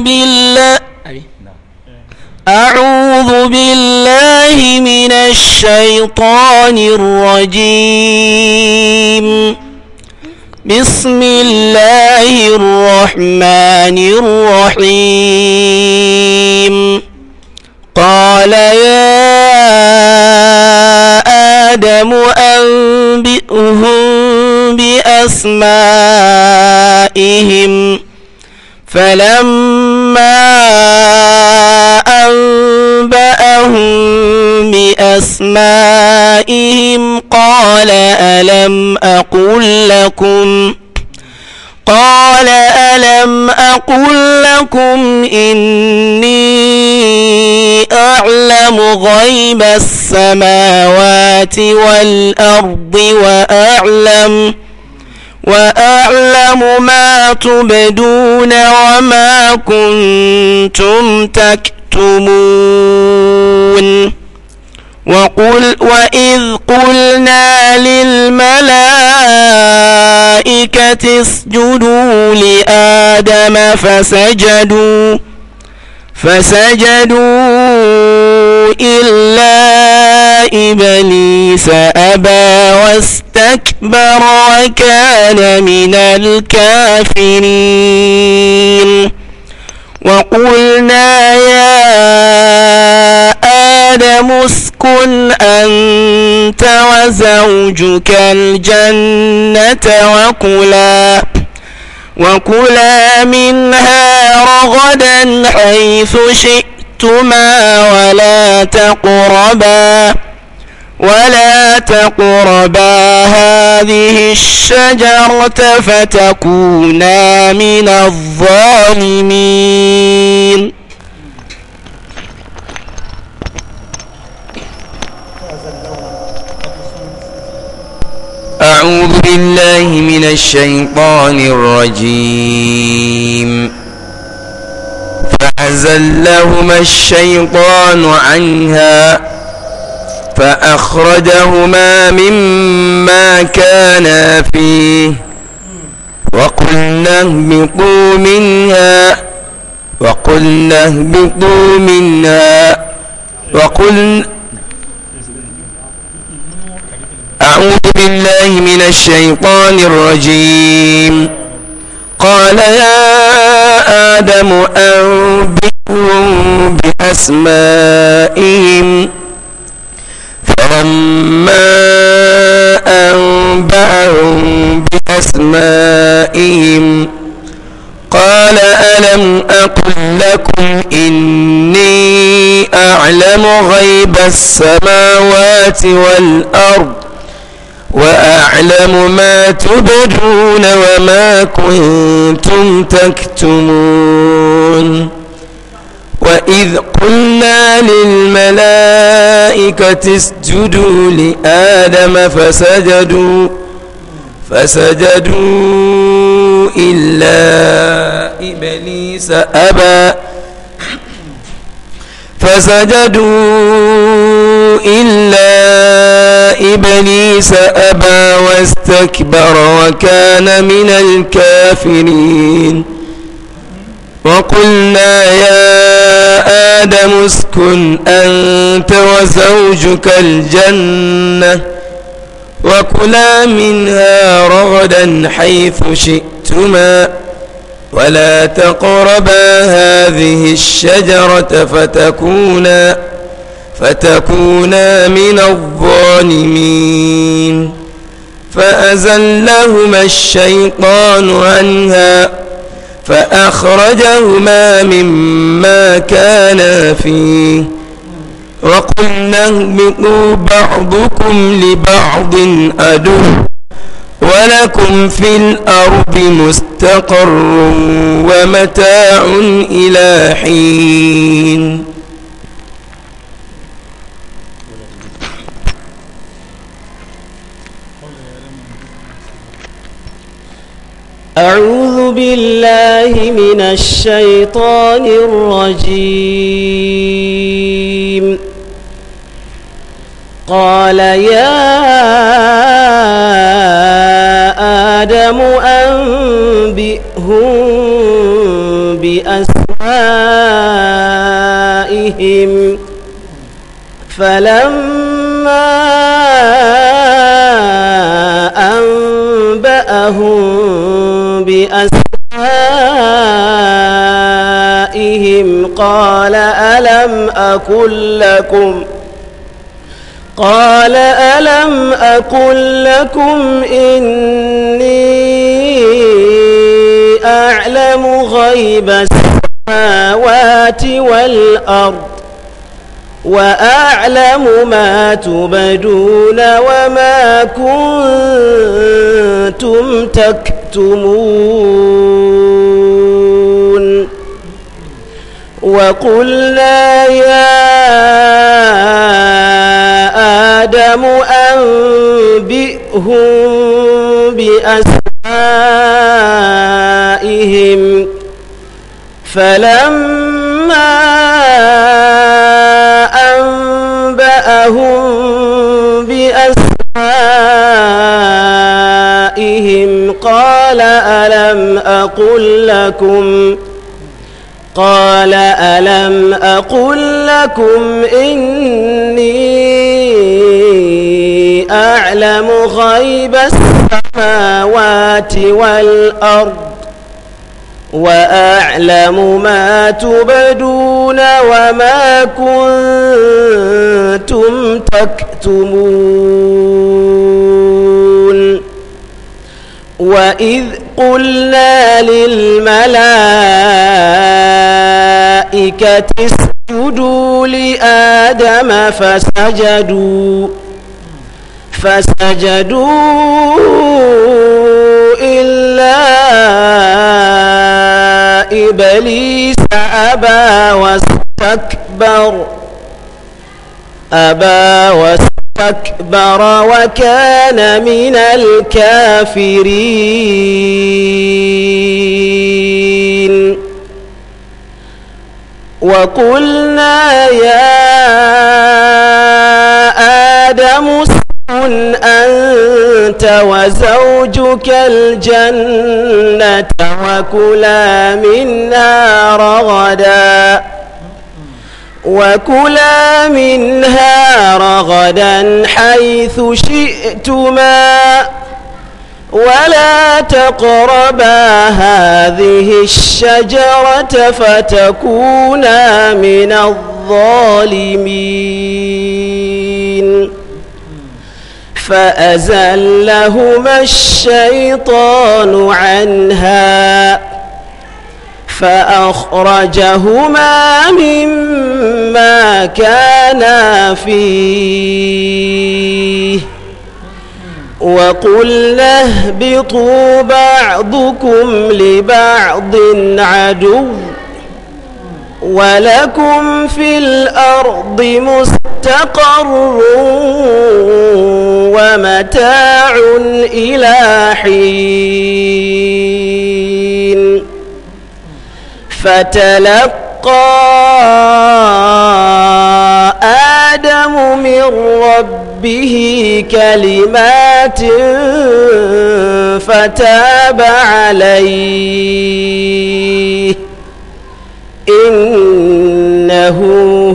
بالله أعوذ بالله من الشيطان الرجيم بسم الله الرحمن الرحيم قال يا آدم أنبئهم بأسمائهم فلما ما أنبأهم بأسمائهم قال ألم أقل لكم قال ألم أقل لكم إني أعلم غيب السماوات والأرض وأعلم وأعلم ما تبدون وما كنتم تكتمون وقل وإذ قلنا للملائكة اسجدوا لآدم فسجدوا فسجدوا إلا إبليس أبى واستكبر وكان من الكافرين وقلنا يا آدم اسكن أنت وزوجك الجنة وكلا وكلا منها رغدا حيث شئتما ولا تقربا ولا تقربا هذه الشجرة فتكونا من الظالمين أعوذ بالله من الشيطان الرجيم فأزلهما الشيطان عنها فأخرجهما مما كانا فيه وقلنا اهبطوا منها وقلنا اهبطوا منها وقلنا أعوذ بالله من الشيطان الرجيم قال يا آدم أنبئهم بأسمائهم فلما أنبأهم بأسمائهم قال ألم أقل لكم إني أعلم غيب السماوات والأرض وأعلم ما تبدون وما كنتم تكتمون وإذ قلنا للملائكة اسجدوا لآدم فسجدوا فسجدوا إلا إبليس أبى فسجدوا إلا إبليس أبى واستكبر وكان من الكافرين وقلنا يا آدم اسكن أنت وزوجك الجنة وكلا منها رغدا حيث شئتما ولا تقربا هذه الشجرة فتكونا فتكونا من الظالمين فأزلهما الشيطان عنها فأخرجهما مما كانا فيه وقلنا اهبطوا بعضكم لبعض أدو ولكم في الأرض مستقر ومتاع إلى حين أعوذ بالله من الشيطان الرجيم قال يا آدم أنبئهم بأسمائهم فلما أنبأهم بأسمائهم قال ألم أكن لكم ۖ قال ألم أقل لكم إني أعلم غيب السماوات والأرض وأعلم ما تبدون وما كنتم تكتمون وقلنا يا آدم أنبئهم بأسمائهم فلما أنبأهم بأسمائهم قال ألم أقل لكم ؟ قال ألم أقل لكم إني أعلم غيب السماوات والأرض وأعلم ما تبدون وما كنتم تكتمون وإذ قلنا للملائكة اسجدوا لآدم فسجدوا فسجدوا إلا إبليس أبى واستكبر أبى واستكبر استكبر وكان من الكافرين وقلنا يا آدم اسكن أنت وزوجك الجنة وكلا منها رغداً وكلا منها رغدا حيث شئتما ولا تقربا هذه الشجرة فتكونا من الظالمين فأزلهما الشيطان عنها فأخرجهما مما كانا فيه وقلنا اهبطوا بعضكم لبعض عدو ولكم في الأرض مستقر ومتاع إلى حين فتلقى آدم من ربه كلمات فتاب عليه إنه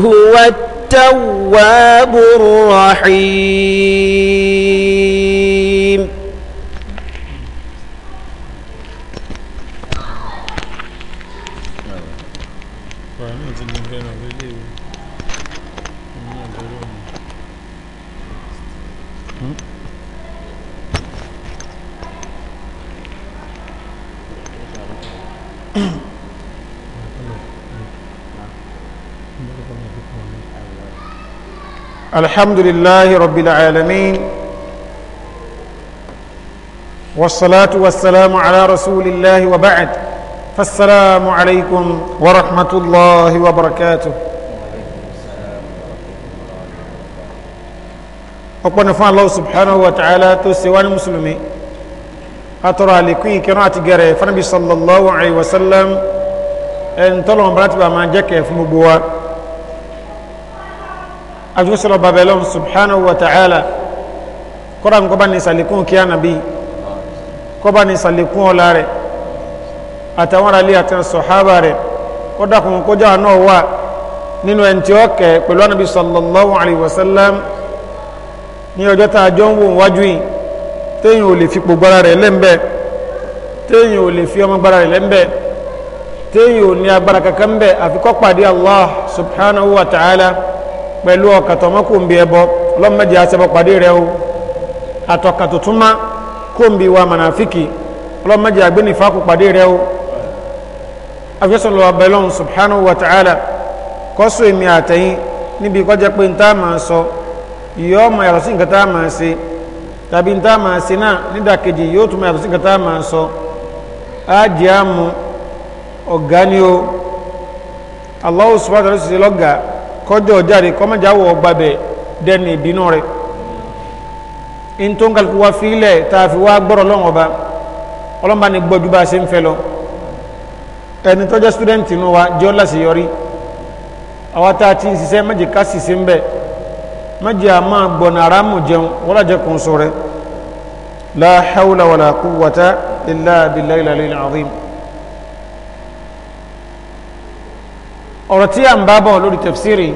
هو التواب الرحيم الحمد لله رب العالمين والصلاة والسلام على رسول الله وبعد فالسلام عليكم ورحمة الله وبركاته أقول نفع الله سبحانه وتعالى تسوى المسلمين أترى لكي كنا جري فنبي صلى الله عليه وسلم أن تلوم bá ti bá máa jẹ́ àjùsọ̀rọ̀ babalọ́n subhanahu wa ta'ala kọ́ra ń kọ́ba ní sàlékún kí ànàbí kọ́ba ní sàlékún ọ̀la rẹ̀ àtàwọn aráàlú àti sọ̀hábà rẹ̀ kọ́dà kún kọjá náà wà nínú ẹni tí ó kẹ́ pẹ̀lú ànàbí sallallahu alayhi wa sallam ní ọjọ́ tá a jọ ń wò ò lè fi pò gbára rẹ̀ lẹ́ńbẹ́ téèyàn ò lè fi ọmọ gbára rẹ̀ lẹ́ńbẹ́ téèyàn ò ní agbára kankan bẹ́ẹ̀ àfikọ́ pàdé Allah subhanahu wa ta'ala pẹ̀lú ọkàn tọmọ kò ń bi ẹbọ ọlọ́mọdé asẹ́bọ pàdé rẹ o àtọkàn tó tún má kò ń bi wa mànàfíkì ọlọ́mọdé agbẹ́nifá kò pàdé rẹ o afẹ́sọ̀lọ́ abẹ́lọ́n subhanahu wa ta'ala kọ́sọ̀ èmi àtẹ̀yìn níbi kọjá pé ń tá sọ ìyọ́ ọmọ yàtọ̀ sí nǹkan tá a tàbí ń tá a náà nídàkejì yóò tún yàtọ̀ sí nǹkan tá sọ á àmú ọ̀gá ni o Allah subhanahu wa ta'ala lọ́gàá kọjọ jáde kọmọjà wọ gbàbẹ̀ dẹni ìbínú rẹ̀ in tó ń kálukú wá fílẹ̀ tá a fi wá gbọ́rọ̀ lọ́wọ́ ọba ọlọ́mọba ni gbọ́jú bá a ṣe ń fẹ́ lọ ẹni tọ́jọ́ sítúdẹ̀ǹtì inú wa jọ́ láṣeyọrí àwa tá a ṣiṣẹ́ méjì ká sì ṣe ń bẹ̀ méjì a máa gbọ̀nà aráàmù jẹun wọ́n lájẹ sọ rẹ̀ la hawla wala quwwata illa billahi al-ali ọ̀rọ̀ tí a ń bá bọ̀ lórí tafsiri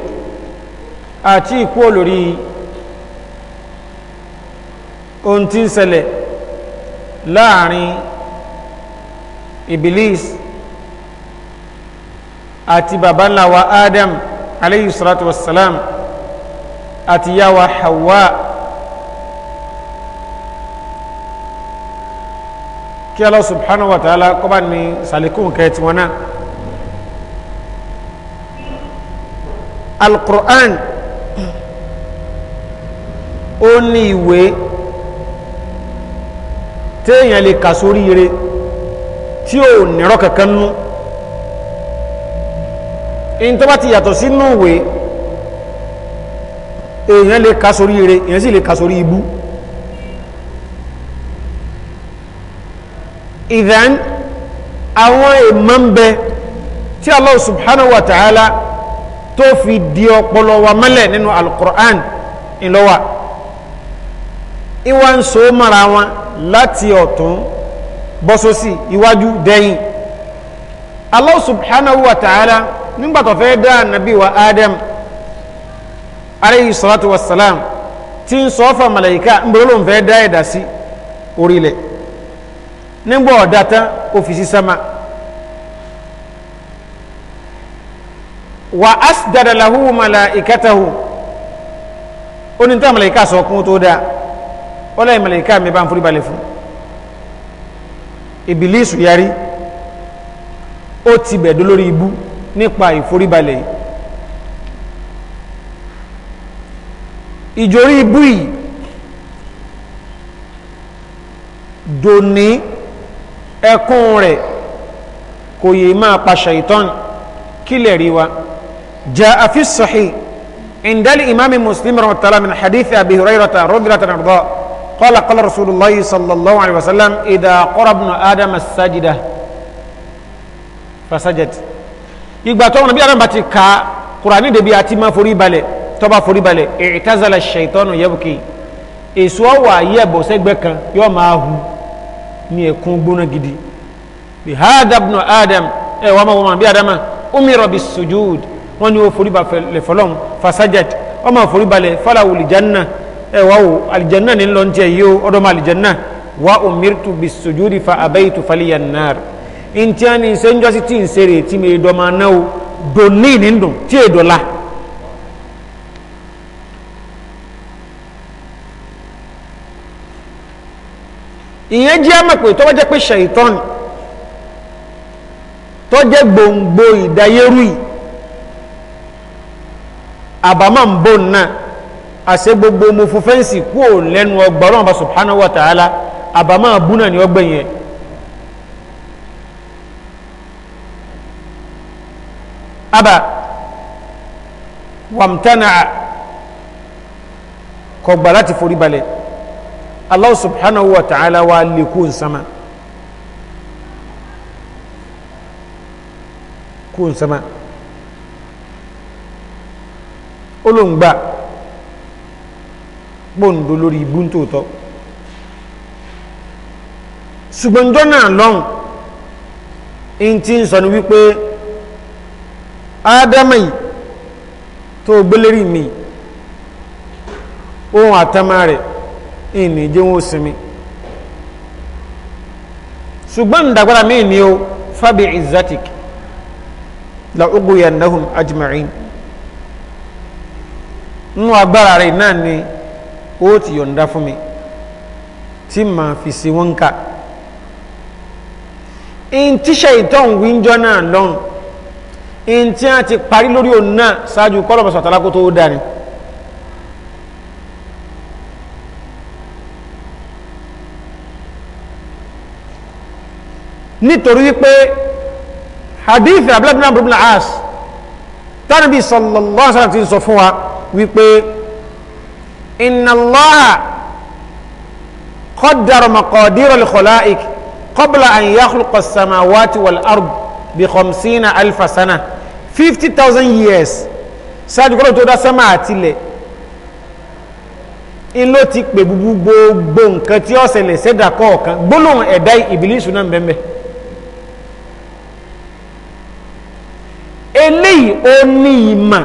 àti ikú olórí ohun tí ń ṣẹlẹ̀ láàrin ibilis àti baba ńlá wa adam aleyhi salatu wassalam àti ìyá hawa kí Allah subhanahu wa ta'ala kọ́ba ní sàlékún kẹ́ẹ̀tì wọn náà alukur'an ó ní ìwé téèyàn lè kà sórí ire tí ò nírọ́ kankan nú in tó bá ti yàtọ̀ sínú ìwé èèyàn lè kà sórí ire èèyàn sì lè kà sórí ibú ìdán àwọn èèmọ̀ ń bẹ tí Allah subhanahu wa ta'ala tó fi di ọpọlọ wa mọ́lẹ̀ nínú alukur'an ìlọ́wà ìwà ń so mara wọn láti ọ̀tún bọ́sọ́sì iwájú dẹ́yìn Allah subhanahu wa ta'ala nígbàtọ̀ fẹ́ dá nàbí wa Adam alayhi salatu wa salam tí ń sọ́fà màláyíká ń bẹ̀rẹ̀ lóun fẹ́ dá ẹ̀dá sí orílẹ̀ nígbà ọ̀dá òfìsí sama wa asdada lahu malaikatahu ó ní tí a màláìka sọ kún tó dáa ó lẹ́yìn màláìka mi bá ń forí balẹ̀ fún ìbílísù yarí ó ti bẹ̀dọ́ lórí ibú nípa ìforíbalẹ̀ ìjòrí ibú yìí dòní ẹkún rẹ̀ kò yìí máa pa ṣàìtọ́n kílẹ̀ rí wa. جاء في الصحيح عند الإمام مسلم رحمه الله من حديث أبي هريرة رضي الله عنه قال قال رسول الله صلى الله عليه وسلم إذا قرب ابن آدم السجدة فسجد ìgbà tó wọn bí adam bá ti ka kurani de bi àti máa forí balẹ̀ tó bá forí balẹ̀ ìtazala ṣètọ́nù yẹ́bùkì èso ọwọ́ ayé ẹ̀bọ̀ sẹ́gbẹ́ kan yóò máa hu ní ẹ̀kún gbóná gidi bí hadabnu adam ẹ̀ wọ́n máa wọ́n bí adam umiro bi sujud wọ́n ní ó foríba lẹ̀ fọlọ́n fasajat ọmọ foríba lẹ̀ fọláwù lìjánná ẹ wá o àlìjánná ní lọ́n tiẹ̀ yìí o ọdọ́ mọ àlìjánná wa umirtu bis sujudi fa abaytu faliyan nar ntí a ní sẹ́njọ́sí tí ń sèrè tí mi dọ́ máa ná o dòní ní dùn tí èdò la. ìyẹn jẹ́ àmọ̀ tọ́wọ́ jẹ́ pé ṣèyítọ́n tọ́jẹ́ gbòǹgbò ìdáyérú yìí àbámọ̀ ń bò náà àṣẹ gbogbo mo fún fẹ́ǹsì kú ò lẹ́nu ọgbà ọlọ́run bá subhanahu wa ta'ala àbámọ̀ abú náà ni ọgbẹ̀ yẹn abà wàmtánà kọgbà láti forí balẹ̀ Allah subhanahu wa ta'ala wa lè kú nsama kú nsama ó ló ń gbà ụtọ lórí ibú tó tọ́ ṣùgbọ́n jọ́nà lọ́hùn in ti ń sọ ni wípé ádámà tó gbélérí mi ohun àtàmà rẹ̀ ìní ni o la nínú agbára rẹ̀ náà ni ó ti yọ̀ǹda fún mi tí màá fi sí wọn kà ntíṣe ìtọ́n wíńjọ́ náà lọ́n ntí a ti parí lórí òun náà ṣáájú kọ́lọ́mọ̀sọ̀ àtàlákó tó dání. nítorí wípé hadith abdullahi abdullahi as tánàbí sallallahu alaihi wasallam ti sọ fún wa wípé inna Allaha qaddara maqadira al-khalaiq qabla an yakhluqa as-samawati wal-ard bi fifty thousand years ṣáájú kọ́lọ́ tó dá sẹ́mà àtìlẹ̀ in ló ti pè gbogbo gbogbo nǹkan tí ó ṣẹlẹ̀ kọ̀ọ̀kan gbólóhùn ẹ̀dá ìbílísù náà bẹ́ẹ̀ eléyìí ó ní ìmọ̀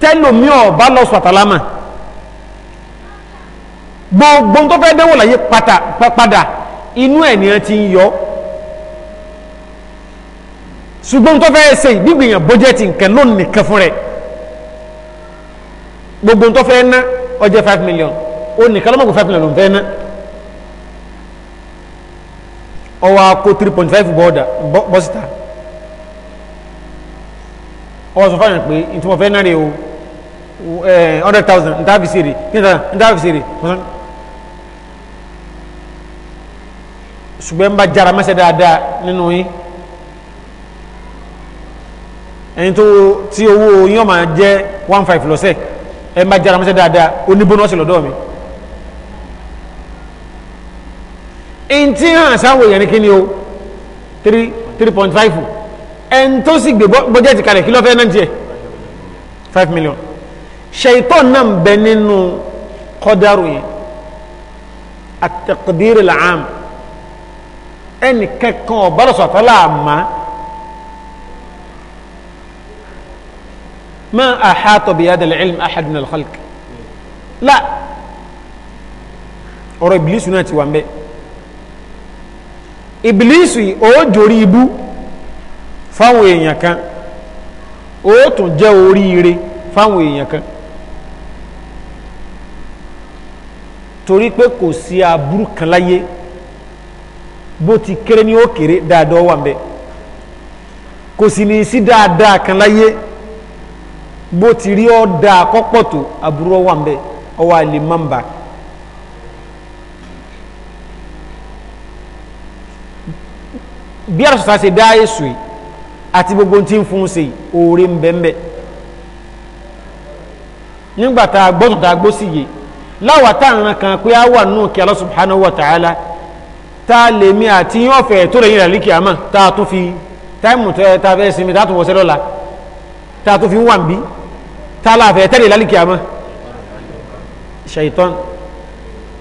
tẹ́lòmí ọ̀bá lọ sọ̀tàlámà gbogbo tó fẹ́ dẹ́wò láyé padà inú ẹ̀ ni ẹ ti ń yọ ṣùgbọ́n tó fẹ́ ṣe gbígbìyàn bọ́jẹ́tì nǹkan lónìí nìkan fún rẹ̀ gbogbo tó fẹ́ ná ọjẹ́ 5 million ó nìkan lọ́mọ̀gbọ́ 5 million ló ń fẹ́ ná ọwọ́ akó three point five bọ́ọ̀dà bọ́sítà ọwọ́ sọ fáwọn pé ìtumọ̀ fẹ́ náà rèé o hundred thousand nta fi seere ten thousand nta fi seere ṣùgbọ́n n ba jara mẹsẹ̀ dáadáa nínú yín ẹni tó tí owó yín ọmọ jẹ́ one five lọ́sẹ̀ ẹ n ba jara mẹsẹ̀ dáadáa ó ní bónọ́sì lọ́dọ̀ mi. ntí hàn sáwọ yẹn ni kíni o three three point five ẹni to sì gbé bọ́jẹ̀tì kalẹ̀ kí ló fẹ́ náà tiẹ̀ five million ṣèyítọ́ náà ń bẹ nínú kọ́dárù yẹn àtẹ̀kùdírì làám ẹnì kankan ọ̀bálọ̀sọ̀tà láàmà má àhátọ̀ bí yàdàlẹ̀ ilm ahad min al-khalq la ọ̀rọ̀ ìbílísù náà ti wà ń bẹ ìbílísù ó jòrí ibú fáwọn èèyàn kan ó tún jẹ́ oríire fáwọn èèyàn kan. torí pé kò sí aburú kan láyé bó ti kéré ní ó kéré dáadáa wà mbẹ kò sì ní sí dáadáa kan láyé bó ti rí ọ dáa kọ́pọ̀ tó aburú wà mbẹ ọwọ́ àlè bí àrùsọ̀tà ṣe dá èso yìí àti gbogbo tí ń fún un oore ń nígbà láwa tá à ń kan pé á wà nù kí Allah subhanahu wa ta'ala tá a lè mi àti yín ọ̀fẹ́ tó lè yín rà líkì àmọ́ tá a tún fi táìmù tẹ tá a fẹ́ sinmi tá a tún wọ́sẹ́ lọ́la tá a tún fi ń wà ń bí tá a láàfẹ́ tẹ́lẹ̀ lálìkì àmọ́ ṣèyítán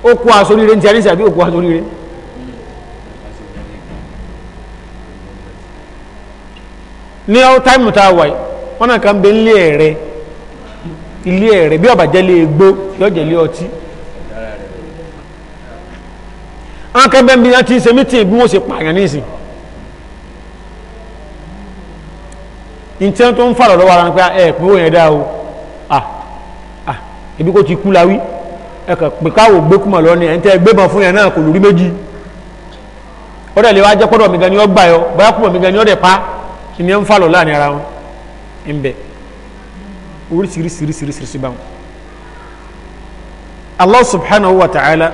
ó kó aṣọ oríire ní ti àníṣe àbí ó kó aṣọ oríire. ní ọ́ táìmù tá a wà yìí wọ́n náà kàn bẹ́ẹ̀ ń lé ẹ̀rẹ́ ilé ẹ̀rẹ̀ bí ọ̀bàjẹ́ lè gbó yọ̀jẹ̀ lé ọtí akẹ́bẹ́ bí wọ́n ti ń ṣe mítìn bí wọ́n ṣe pààyàn nísìn ìtẹ́ tó ń fàrọ̀ lọ́wọ́ ara ń pẹ́ ẹ̀ pé ah, ó yẹn dá o ah ah ibi kò ti kú la wí ẹ̀kọ̀ pé káwò gbé kúmọ̀ lọ ni ẹ̀ ń tẹ́ gbé bọ̀ fún yẹn náà kò lórí méjì ó dẹ̀ lè wá jẹ́ pọ́dọ̀ mi gan ni ó gbà yọ bóyá kúmọ̀ mi gan ni ó dẹ̀ pa ìyẹn ń fàrọ̀ láàrin ara wọn ń bẹ̀ẹ́ oríṣiríṣiríṣiríṣi báwọn Allah subhanahu wa ta'ala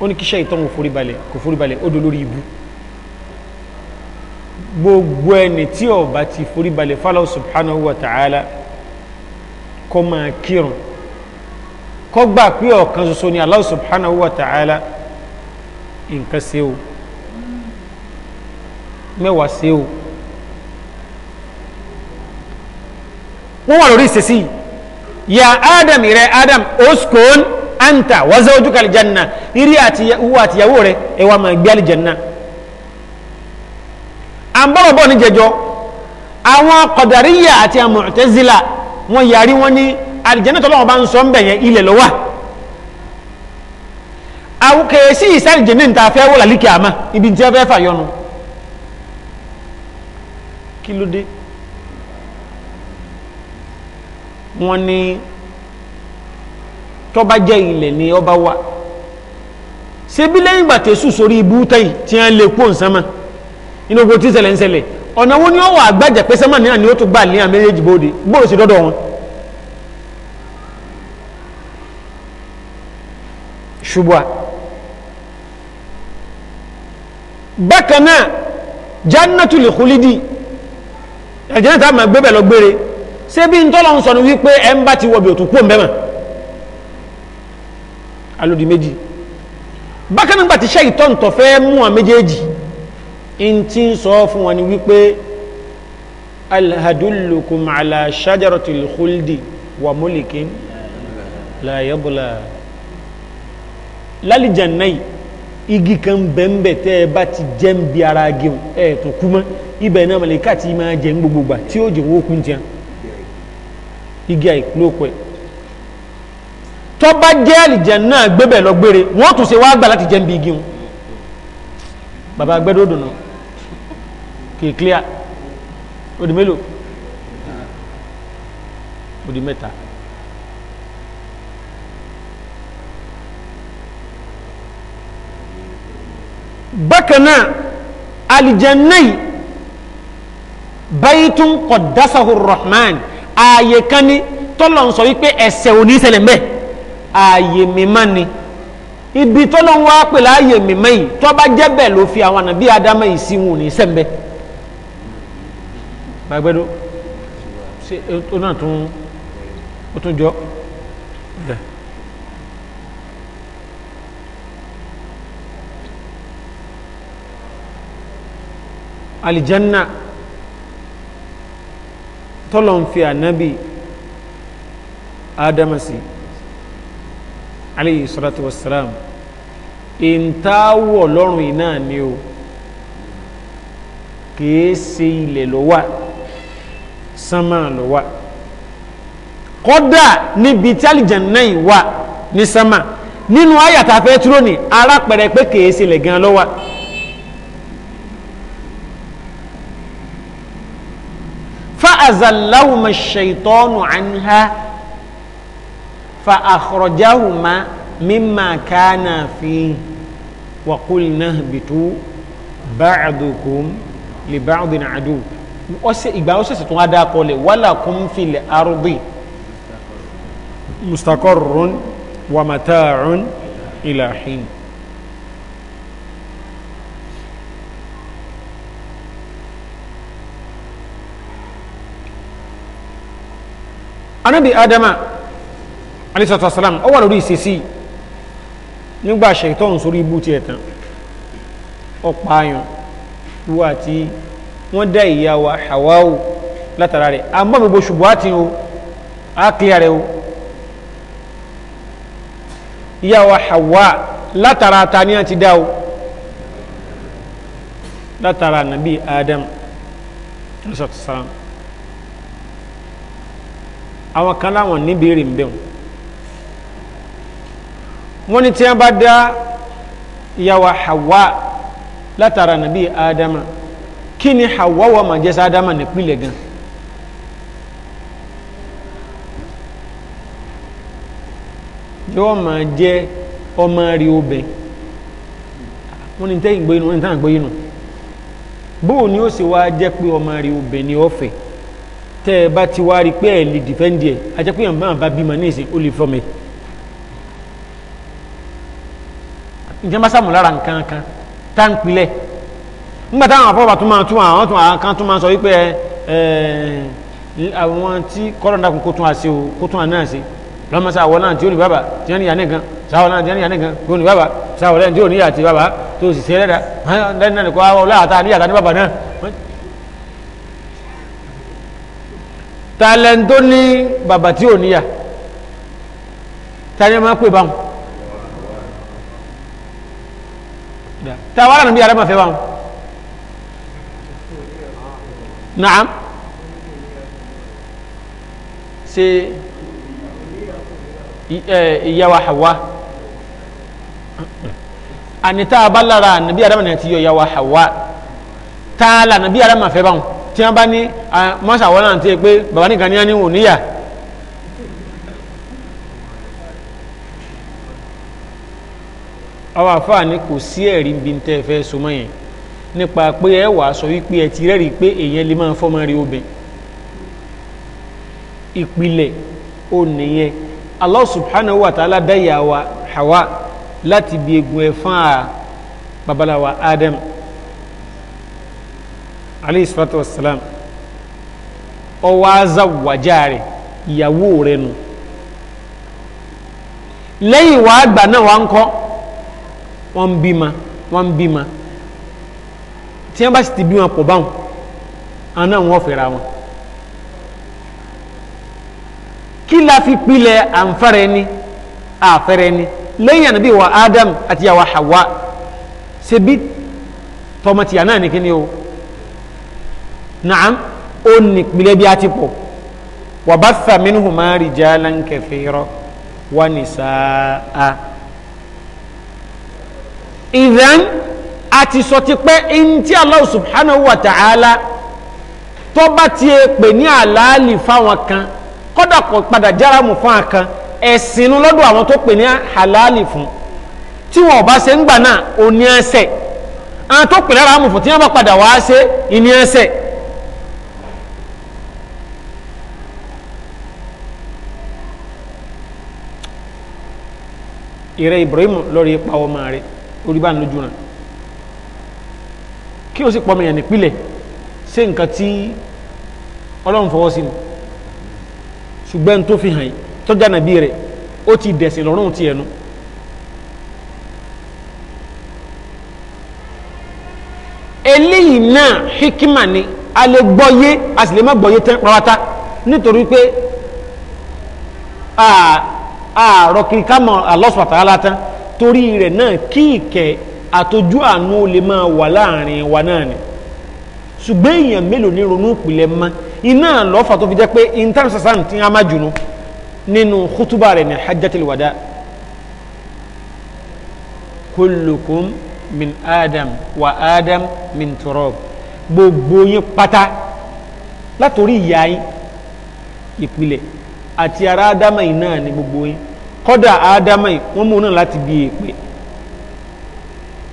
ó ní kíṣẹ́ ìtọ́ kò forí balẹ̀ kò forí balẹ̀ ó dolórí ibu gbogbo ẹni tí ó bá ti forí balẹ̀ fáláwù subhanahu wa ta'ala kó máa kírun kó gbà pé ọ̀kan ṣoṣo ni Allah subhanahu wa nǹkan ṣe o mẹ́wàá ṣe o wọ́n wà lórí ìsẹ̀sí ya adam rẹ adam oskon anta wazọ ojú kalijanna iri àti owó àtìyàwó rẹ ẹwà máa gbé alijanna à ń bọ̀rọ̀ bọ̀ ní jẹjọ àwọn kọ̀dàríyà àti àmọ̀tẹ́zílà wọn yàrí wọn ní alijanna tọ́lọ́wọ́n bá ń sọ ń bẹ̀yẹn ilẹ̀ lọ́wọ́ àwọn kèésì ìsàlìjẹ́ ní ìta fẹ́ wọ́n làlíkẹ́ àmà ibi tí wọ́n fẹ́ fàyọnu kí ló dé wọ́n ní tọ́ba jẹ́ ilẹ̀ ni ọba wa ṣé bí lẹ́yìn ìgbà tẹ̀sù sórí ibú tẹ́yìn tí wọ́n lè kó nsánmà inú ogun tí ṣẹlẹ̀ ń ṣẹlẹ̀ ọ̀nà wo ni wọ́n wà àgbàjẹ́ pé sánmà náà ni ó tún gbà ní àmẹ́rẹ́jì bóde gbòòrò sí dọ́dọ̀ wọn. ṣùgbọ́n bákan náà jannatul khulidi ẹ̀jẹ̀ náà tá a máa gbé bẹ̀ lọ gbére ṣé bí ntọ́lọ̀ ń sọ ni wípé ẹ ń bá ti wọ̀bì òtún pò ń bẹ́mọ̀ alódì méjì bákan nígbà tí ṣe ìtọ́ǹtọ̀ fẹ́ mú wọn méjèèjì ń ti ń sọ fún wọn ni wípé alhadullukum ala shajaratil khuldi wa mulikin la yabla lálìjànnáì igi kan bẹ́ẹ̀nbẹ́ tẹ́ ẹ bá ti jẹ́ ń bi ara gẹ̀ẹ́n ẹ̀ tó kú mọ́ ibẹ̀ náà mọ̀lẹ́ká ti máa jẹ́ ń gbogbo gbà tí ó jẹ́ wọ́n kú tiẹ́ igi àìkúlòpọ̀ ẹ̀ tó bá jẹ́ àlìjẹ̀ náà gbébẹ̀ lọ gbére wọ́n tún ṣe wá gbà láti jẹ́ ń bí igi wọn bàbá agbẹ́dọ̀ dùnà kìí clear odi mélòó odi mẹ́ta bákan náà àlìjẹ̀ náà báyìí tún qaddasahu rahman ààyè kan ní tọ́lọ̀ ń sọ wípé ẹ̀ṣẹ̀ ò ní ṣẹlẹ̀ mẹ́ ààyè mímọ́ ni ibi tọ́lọ̀ ń wá pè láàyè mímọ́ yìí tó bá jẹ́ bẹ́ẹ̀ ló fi àwọn ànàbí adama yìí sí wọn ò ní sẹ́ńbẹ́ gbàgbẹ́dọ́ ṣé ó náà tún ó tún jọ alijanna. Yeah tọ́lọ̀ ń fi ànábì ádámàsì alayhi salatu wassalam ìntàwọ̀ lọ́rùn iná ni o kìí ṣe ilẹ̀ lọ́wà sánmà lọ́wà kọ́dà níbi tí alìjẹ̀nà ìwà ní sánmà nínú ayàtàfẹ́ túrónì ara pẹ̀rẹ̀ pé kìí gan lọ́wà فأزلهما الشيطان عنها فأخرجهما مما كان فيه وقلنا اهبطوا بعضكم لبعض عدو ọsẹ ìgbà ọsẹ sì tún adá kọlẹ wàlà kún filẹ arúgbì mustakorun wa mataarun ilahin anabi adama alisatu wasalam ó wà lórí ìṣesí nígbà ṣètọ́n sórí ibú tiẹ̀ tán ọ̀pá ayàn wo àti wọ́n dá ìyá wa hawawu látara rẹ̀ a mọ́ gbogbo ṣùgbọ́n àti o a kílẹ̀ rẹ̀ o ìyá wa hawa látara ta ni a ti dá o látara nabi adam alisatu wasalam àwọn kan láwọn níbèrè ń bẹ̀wọ̀n wọ́n ní tí wọ́n bá dá ìyàwó Hawa látara nàbí Ádámà kí ni Hawa wọ́n máa jẹ́ sí Ádámà nípìnlẹ̀ gan yóò máa jẹ́ ọmọ rí obìnrin wọ́n ní tẹ́yìn gbóyinú wọ́n ní tẹ́yìn gbóyinú bóò ni ó sì wá jẹ́ pé ọmọ rí obìnrin ọ̀fẹ́ tẹ́ ẹ bá ti wá rí pé ẹ lè dìfẹ́ǹdì ẹ̀ ajẹ́pẹ́yàn máa bá bímọ ní ìsìn ó lè fọ́mẹ́ ìjọba sàmù lára nǹkan kan tá ń pilẹ̀ nígbà táwọn afọ́bà tó máa tún àwọn tún àwọn kan tó máa sọ wípé àwọn tí kọ́lọ́dà kò tún àṣe o kò tún àná àṣe lọ́mọ sáà wọlé àti olùbábà tí wọ́n ní yàní gan sáà wọlé àti yàní gan tí olùbábà sáà wọlé àti oníyà àti bàbá tó sì ṣe ẹlẹ́dà lẹ́nu náà kó àwọn ọlọ́yà àti àníyàtà ní bàbá náà tàlẹ́ntó ní bàbá tí ò níyà tani ma pè báwọn tàwa nàbí adama fẹ́ báwọn naam ṣe ìyàwó Hawa àni tá a bá lára nàbí adama náà ti yọ ìyàwó Hawa tààlà nàbí adama fẹ́ báwọn tí wọ́n bá ní mọ́ṣáwọ́ náà ti pé bàbá nìkan ní wọ́n ní wò níyà àwọn àfáà ní kò sí ẹ̀rí bí n tẹ́ fẹ́ súnmọ́ yẹn nípa pé ẹ wàá sọ wípé ẹ ti rẹ́rìí pé èèyàn lè máa fọ́mọ rí obìn ìpìlẹ̀ ó nìyẹn Allah subhanahu wa ta'ala dáyà wa Hawa láti bí egun ẹ̀fọn à babaláwa Adam alayhi salatu wa salam ọwọ́ azawajá rẹ̀ ìyàwó rẹ̀ nù lẹ́yìn wàá gbà náà wàá ń kọ́ wọ́n ń bímọ wọ́n ń bímọ tí wọ́n bá sì ti bímọ pọ̀ báwọn àná wọn fẹ́ra wọn kí la fi pilẹ̀ àǹfààrẹ̀ ni àfẹ́rẹ́ ni lẹ́yìn ànábì wa Adam àti yàwó Hawa ṣebí tọmọtìyà náà ní kíni o naam ó ní ìpìlẹ̀ bí a ti pọ̀ wa batha minhuma rijalan kathira wa nisaa ìdán àti sọtí pé ntí Allah subhanahu wa ta'ala tó bá ti e pè ní àlàálì fáwọn kan kódà kò padà járamù fáwọn kan ẹ̀sìn lọ́dọ̀ àwọn tó pè ní àlàálì fún tí wọn bá ṣe ń gbà náà ò ní ẹsẹ̀ àwọn tó pè lára àmùfún tí wọn bá padà wá ṣe Ire Ibrahim lori ipa ọmọ rẹ̀ orí bá ń lójú rẹ̀ kí o sì pọ̀ mìíràn nípìlẹ̀ ṣé nǹkan tí ọlọ́run fọwọ́ sí ni ṣùgbọ́n tó fi hàn yìí tọ́jà nàbí rẹ̀ ó ti dẹ̀sìn lọ́rùn ti ẹnu eléyìí náà hikima ni a lè gbọ́yé a sì lè má gbọ́yé tẹ́ pàwátá nítorí pé àárọ̀ kiri ká mọ Allah subhanahu wa ta'ala tán torí rẹ̀ náà kí ìkẹ́ àtọ́jú àánú ó lè máa wà láàrin wa náà ni ṣùgbọ́n èèyàn mélòó ní ronú ìpìlẹ̀ mọ́ iná lọ́fà tó fi jẹ́ pé intan sasan ti hàn má jùnú nínú kútúbà rẹ̀ ní hajjatil wada kullukum min adam wa adam min turab gbogbo yín pátá látòrí ìyá yín ìpìlẹ̀ àti ara ádámẹ̀yìn náà ni gbogbo yín kọ́dà ádámẹ̀yìn wọ́n mú náà láti bí èpè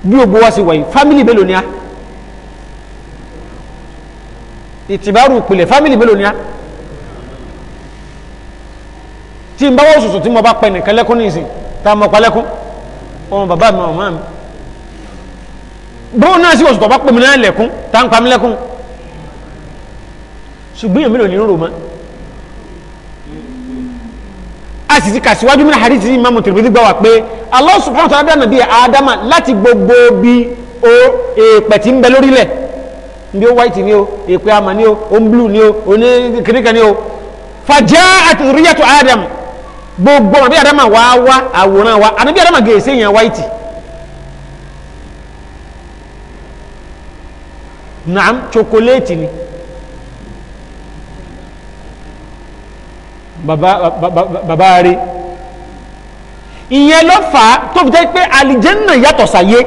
bí ògbó wá sí wáyé fámìlì mélòó ni á ìtìbárù ìpìlẹ̀ fámìlì mélòó ni á tí n bá wọ́n sòsò tí mo bá pẹ nìkan lẹ́kún ní ìsìn tá a mọ̀ pa lẹ́kún ọmọ bàbá mi ọmọ mi bóun náà sì wọ́n sòtọ̀ bá pè mí náà lẹ́kún tá a ń pa mí lẹ́kún ṣùgbọ́n èèyàn mélòó ni rò mọ́ asi sì ti kà síwájú mìíràn hadith imam Tirmidhi gbà wá pé Allah subhanahu wa ta'ala Adama lati gbogbo bi o èèpẹ̀ tí ń bẹ lórílẹ̀ o white ni o èèpẹ̀ ama ni o o ń blue ni o o ni kìnìkan ni o faja'at zurriyatu Adam gbogbo Nabi Adama wa wá àwòrán wa bi Adama gèsè yẹn white naam chocolate ni. Baba, rẹ̀ ìyẹn ló fà á tó fi jẹ́ pé àlìjẹ́nà yàtọ̀ sáyé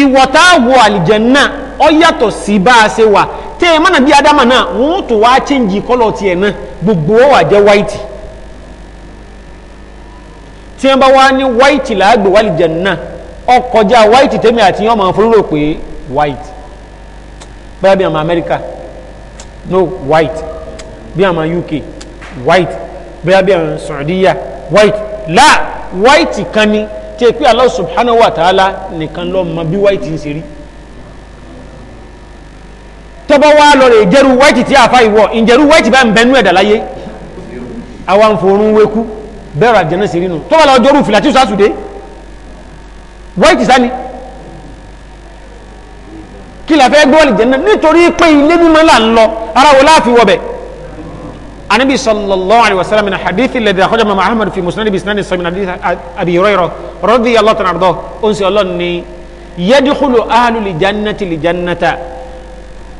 ìwọ̀ta wo àlìjẹ́nà ọ yàtọ̀ sí bá a ṣe wà tí ẹ mọ́nà bí adama náà wọ́n tó wá chíǹjì kọ́lọ̀ ti ẹ̀ náà gbogbo wà jẹ́ white tí wọ́n bá wá ní white làágbè wà àlìjẹ́nà ọ kọjá white tẹ́mi àti yọ́n máa fúnrúrò pé white bẹ́ẹ̀ bí àmà Amẹ́ríkà no white bí àmà UK white bóyá bí àwọn sọ̀rọ̀díyà white la white kan ni tí ẹ pé Allah subhanahu wa ta'ala nìkan ló mọ bí white ń ṣe rí tọ́bọ̀ wá lọ rẹ̀ ìjẹ́rú white tí a fa ìwọ̀ ìjẹ́rú white bá ń bẹnú ẹ̀dà láyé àwa ń forún wékú bẹ́ẹ̀rọ àjẹ́nà sí rínú tọ́bọ̀ lọ jọrù fìlà tí ó sásùdé white sani kí la fẹ́ gbọ́ àlìjẹ́nà nítorí pé ilé mímọ́ là ń lọ ara wo láàfin wọ̀bẹ̀ anabi sallallahu alaihi wasallam min hadithi alladhi akhaja ma ahmad fi musnad bi isnad sahih min hadith abi hurairah radiyallahu ta'ala anhu on si olon ni yadkhulu ahlu li jannati li jannata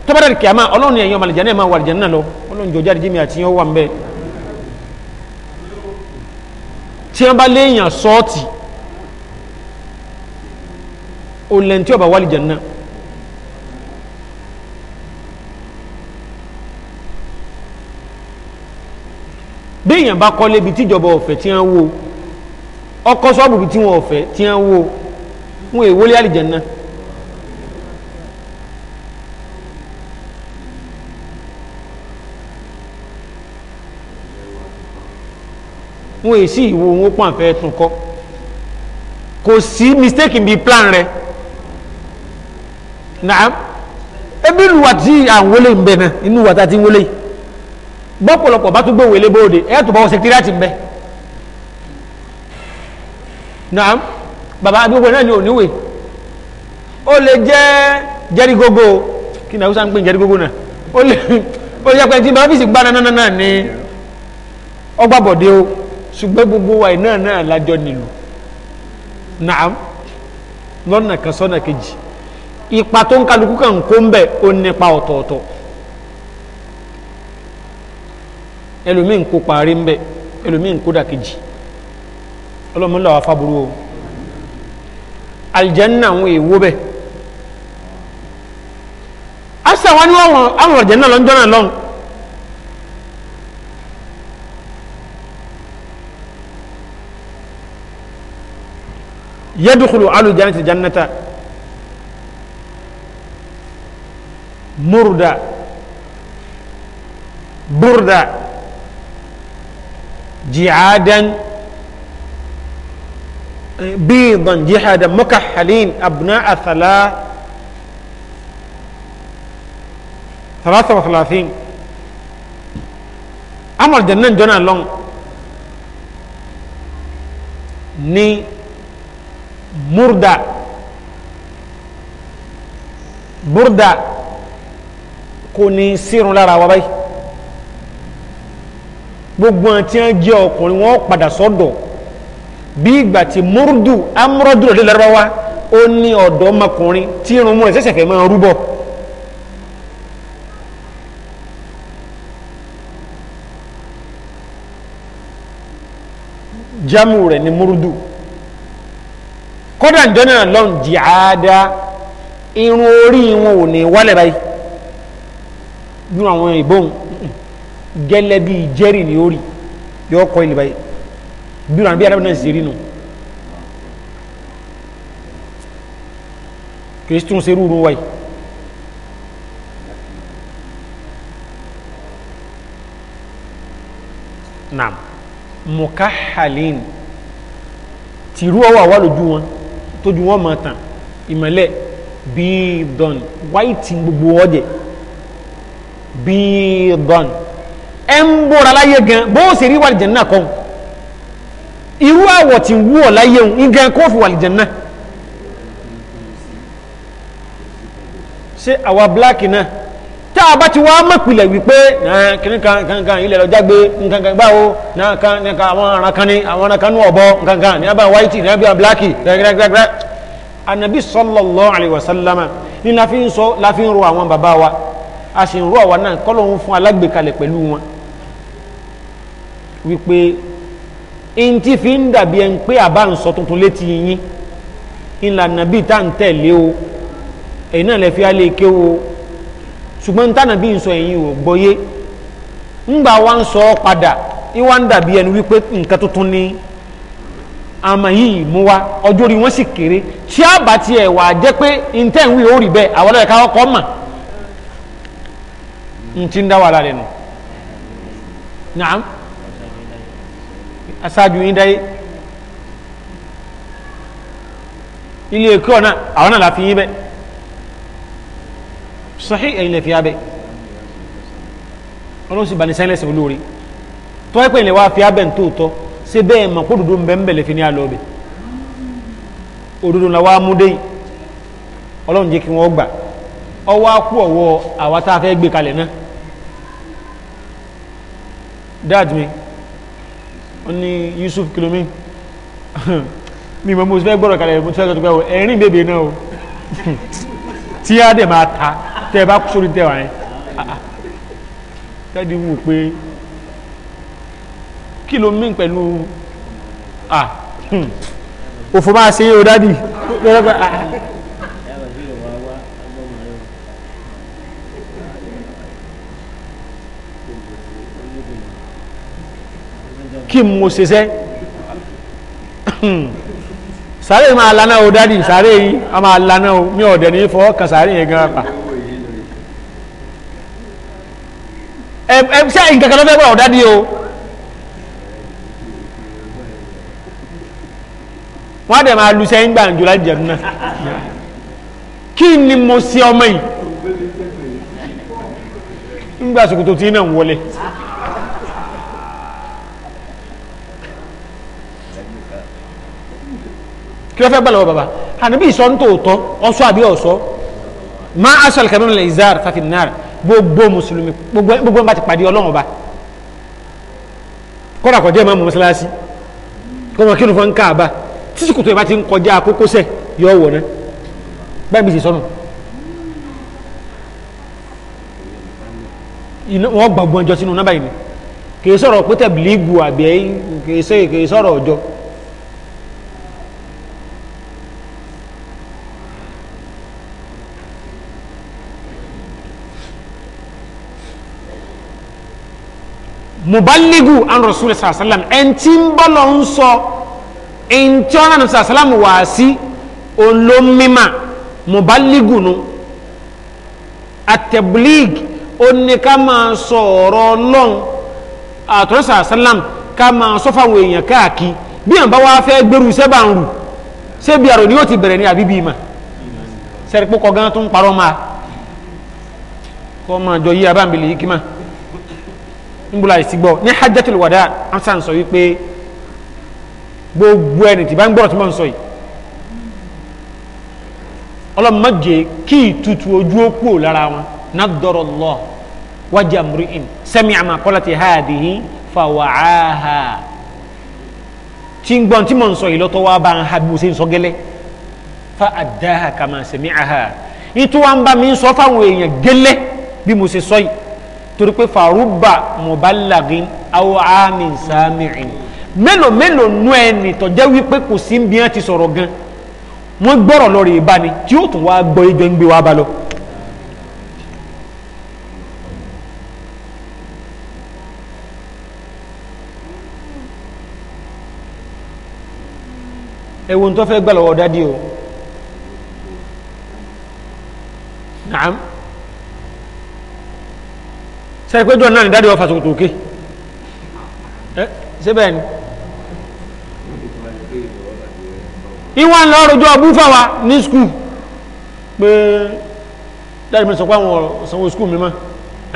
to bare kiyama olon ni eyan mal janna ma war janna lo olon jo jari jimi àti yan wa nbe tí an bá leyan soti o len tí ó béèyàn bá kọ́ lébi tíjọba ọ̀fẹ́ tí wọ́n wo ọkọ sọ́ọ̀bù bí tí wọ́n ọ̀fẹ́ tí wọ́n wo wọn èwọlé àlìjẹ̀nà wọn èsì ìwo wọn pọ̀ àfẹ́ tún kọ́ kò sí mistake bíi plan rẹ̀ naam ebi lu wa ti à ń wọlé ń bẹ ta ti ń wọlé bọ́pọ̀lọpọ̀ bá tún gbóhùn elébóde ẹ̀ tó bá wọn sẹkítírìàtì ń bẹ naam baba agbègbè náà ni òníwèé ó lè jẹ́ jẹ́rìgógó kí ni àwùsá ń pè jẹ́rìgógó náà ó lè ó lè jẹ́ pé tí bá ọ́fíìsì gbá náà náà ní ọgbàbọ̀dé o ṣùgbọ́n gbogbo wa náà náà lájọ nílùú naam lọ́nà kan sọ́nà kejì ipa tó ń kálukú kan kó ń bẹ̀ ó nípa ọ̀tọ̀ọ̀tọ̀ ẹlòmíì ń kó parí ń bẹ ẹlòmíì ń kó dàkejì ọlọ́mọlá wa fábúrú o aljanna àwọn èèwó bẹ asa wa ni wọn àwọn aljanna lọ́njọ́ náà lọ́n yadukulu alujanna ti jannata murda burda. جعادا بيضا جحدا مكحلين أبناء ثلاث ثلاثة وثلاثين أمر جنان جنان لون ني مردا بردا كوني ní لا lára gbogbo àwọn tí wọ́n jẹ́ ọkùnrin wọ́n padà sọ́dọ̀ bí ìgbà tí múrúdù amúrọ́dù rẹ̀ lọ́wọ́ ó ní ọ̀dọ́ ọmọkùnrin tí irun mú rẹ̀ ṣẹ̀ṣẹ̀ fẹ́ máa rúbọ̀ jamu rẹ̀ ni múrúdù kódà ìjọ náà lọ́n jìáda irun orí wọn ò ní wálẹ̀ báyìí nínú àwọn ìbọn gẹ́lẹ́ bí jẹ́rì ni ó rí yóò kọ́ ilé báyìí bí wọn bí arábìnrin sì rí nu kìrìsìtún ṣe rúurú wáyé naam mukahalin tìrú ọwọ́ àwa lójú wọn tójú wọn máa tàn ìmọ̀lẹ̀ bíi dán wáìtì gbogbo ọjẹ́ bíi dán ẹ ń bóra láyé gan bó ṣe rí wàlìjẹ̀ náà kọ́ irú àwọ̀ tí wú ọ̀ láyé òun igan kó fi wàlìjẹ̀ náà ṣe àwa bíláàkì náà tá a bá ti wá mọ̀pìlẹ̀ wípé kìnnìkankan ilẹ̀ lọ jágbe nkankan báwo nkankan àwọn arankan ní àwọn arankan ní ọ̀bọ nkankan ní abá wáìtì ní abá bíláàkì gẹ́gẹ́gẹ́gẹ́ anabi sallallahu alaihi wasallam ni la fi ń sọ la fi ń ro àwọn bàbá wa a sì ń ro àwa náà kọ́lọ́hún fún alágbèkalẹ̀ pẹ̀lú wọn wípé n ti fi ń dàbí ẹni pé àbá ń sọ tuntun létí yín ìlànà bíi tá à ń tẹ̀lé o ẹ̀yin náà lè fi alẹ́ kéwo ṣùgbọ́n tánà bíi ń sọ ẹ̀yin ò gbọ́yé ńgbà wa ń sọ ọ́ padà ìwà ń dàbí ẹni wípé nǹkan tuntun ni àmọ́ yìí mú wa ọjọ́ orí wọn sì kéré tí a bá tiẹ̀ wà jẹ́ pé ntẹ̀wé ó rí bẹ́ẹ̀ àwọn ọlọ́yẹ̀ká ọkọ̀ mà ń ń dá wàhálà rẹ̀ nù aṣáájú yín dáyé ilé ẹ̀kọ́ náà àwọn náà láfi yín bẹ́ sọ́hí ẹ̀yìn lè fi abẹ́ ọlọ́run sì bá ní sáyẹ́lẹ̀sì olóore tó wáyé pé ilẹ̀ wa fi abẹ́ ní tòótọ́ ṣé bẹ́ẹ̀ mọ̀ kó dòdò ń bẹ́ ń lè fi ní alọ́ bẹ̀ òdòdó làwọn amúdé yìí ọlọ́run jẹ́ kí wọ́n gbà ọwọ́ akú ọ̀wọ́ àwa tá a fẹ́ gbé kalẹ̀ náà dáàdì mi wọ́n ní Yusuf kìlómí mi mọ̀ mo fẹ́ gbọ́dọ̀ kalẹ̀ mo fẹ́ sọ́tọ́ pé ẹ̀rín bèbè náà o tí a dẹ̀ máa ta tẹ́ ẹ bá kú sórí tẹ́wà yẹn tẹ́ẹ̀dì wù pé kìlómí pẹ̀lú hmm, òfò máa ṣe é o dádì kí n mo ṣiṣẹ́ sáré máa lana o dádì sáré yìí a máa lana o mi ò dẹ̀ ní fọ́ kan sáré yẹn gan pa ẹ nǹkan kan ló fẹ́ gbọ́dọ̀ o wọ́n á dẹ̀ máa lu sẹ́yìn gbàǹjo láti jẹ̀dún náà kí ni mo ṣe ọmọ yìí ń gbà sòkòtò tí náà ń wọlé. kí ló fẹ́ gbàlọ́wọ́ bàbá ànábì ìsọ ń tòótọ́ ọ̀ṣọ́ àbí ọ̀ṣọ́ má aṣọ àlùkàmí ní izar fàfi nàr gbogbo mùsùlùmí gbogbo ń bá ti pàdé ọlọ́run ọba kọ́ra kọjá ẹ̀ máa mú mọ́sálásí kọ́ wọn kí ló fọ́ ń ká àbá títí kùtù ẹ̀ bá ti ń kọjá àkókò sẹ̀ yọ wọ̀ náà báyìí bí sì wọ́n gbàgbọ́n sínú náà báyìí kì í sọ̀rọ̀ pété bìlíìgù àbí kì í sọ̀rọ̀ ọjọ́ mubaligu an rasulillah sallam alaihi wasallam ẹnití ń bọ́ lọ ń sọ ẹnití ọ̀nà ní sallallahu wá sí olómímà mubaligu nu atẹ̀blig oníkà máa sọ ọ̀rọ̀ ọlọ́run àtúrọ̀ sallallahu ká máa sọ fáwọn èèyàn káàkiri bí àǹbá wa fẹ́ gbèrú sẹ́bà ń rù sẹ́bi àrò ni yóò ti bẹ̀rẹ̀ ní àbíbí mà sẹ́rìpọ̀ kọ̀ọ̀gán tó ń parọ́ máa kọ́ máa jọ yí abáǹbìlì yìí kí máa nbula ìsìgbọ́ ní hajjatul wada amsa sọ wípé gbogbo ẹni tí bá ń gbọ́rọ̀ tí mò ń sọ yìí ọlọ́mọdé kí ìtutù ojú ó kúrò lára wọn nadọ̀rọ̀ lọ wájà múrìín sẹ́mi àmà kọ́lọ́tì háàdìhí fàwàáhà tí ń gbọ́n tí mò ń sọ yìí lọ́tọ́ wá bá ń ha bí mo ṣe ń sọ fa àdáhà kàmá sẹ́mi àhà ìtura ń mi sọ fáwọn èèyàn gẹ́lẹ́ bí mo ṣe sọ yìí torí pé faruba mubalagin awo amin sami'in mélòó mélòó nú ẹni tọ́jẹ́ wípé kò sí bí wọ́n ti sọ̀rọ̀ gan wọ́n gbọ́rọ̀ lọ́rọ̀ ìbáni tí ó tún wá gbọ́ ẹjọ́ ń gbé wá bá lọ. ẹ̀wọ̀n tó fẹ́ gbà lọ́wọ́ dádì o. naam sẹ́yìn pé jọ́nà ní dáadé wọ́n fàṣọ tòkè ẹ ṣé bẹ́ẹ̀ ni ìwọ̀n lọ rọjò ọbú fáwa ní skul pé dáadé mi sọ pé àwọn sanwó skul mi mọ́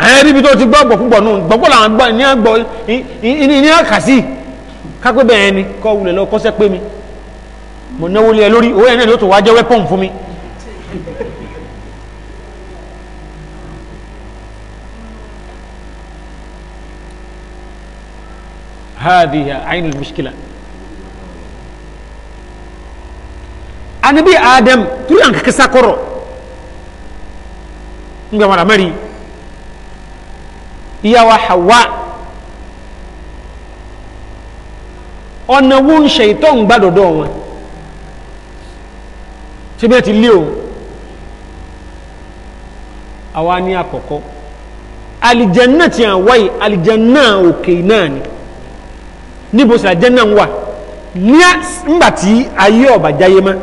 ẹ̀yẹ́ ríbi tó ti gbọ́ gbọ̀kúgbọ̀ nù gbọ́gbọ́ làwọn gbọ́ ní àgbọ̀ ní àkàsí kápẹ́ bẹ́ẹ̀ ni kọ́ wulẹ̀ lọ kọ́sẹ́ pé mi mo náwó lé ẹ lórí owó ẹ̀ náà ló tó wá jẹ́ wẹ́pọ̀n fún mi هذه عين المشكلة أنا adam آدم an أنك koro nga wala mari يا وحواء. hawa ọ̀nà wo ń ṣètò ń gbà dọ̀dọ̀ wọn ṣé bẹ́ẹ̀ ti lé o àwa ní àkọ́kọ́ alìjẹ́ ti àwọn wáyé alìjẹ́ òkè náà ni. Okay, níbo sì àjẹ́nà ń wà nígbàtí ayé ọ̀bà jáyé mọ́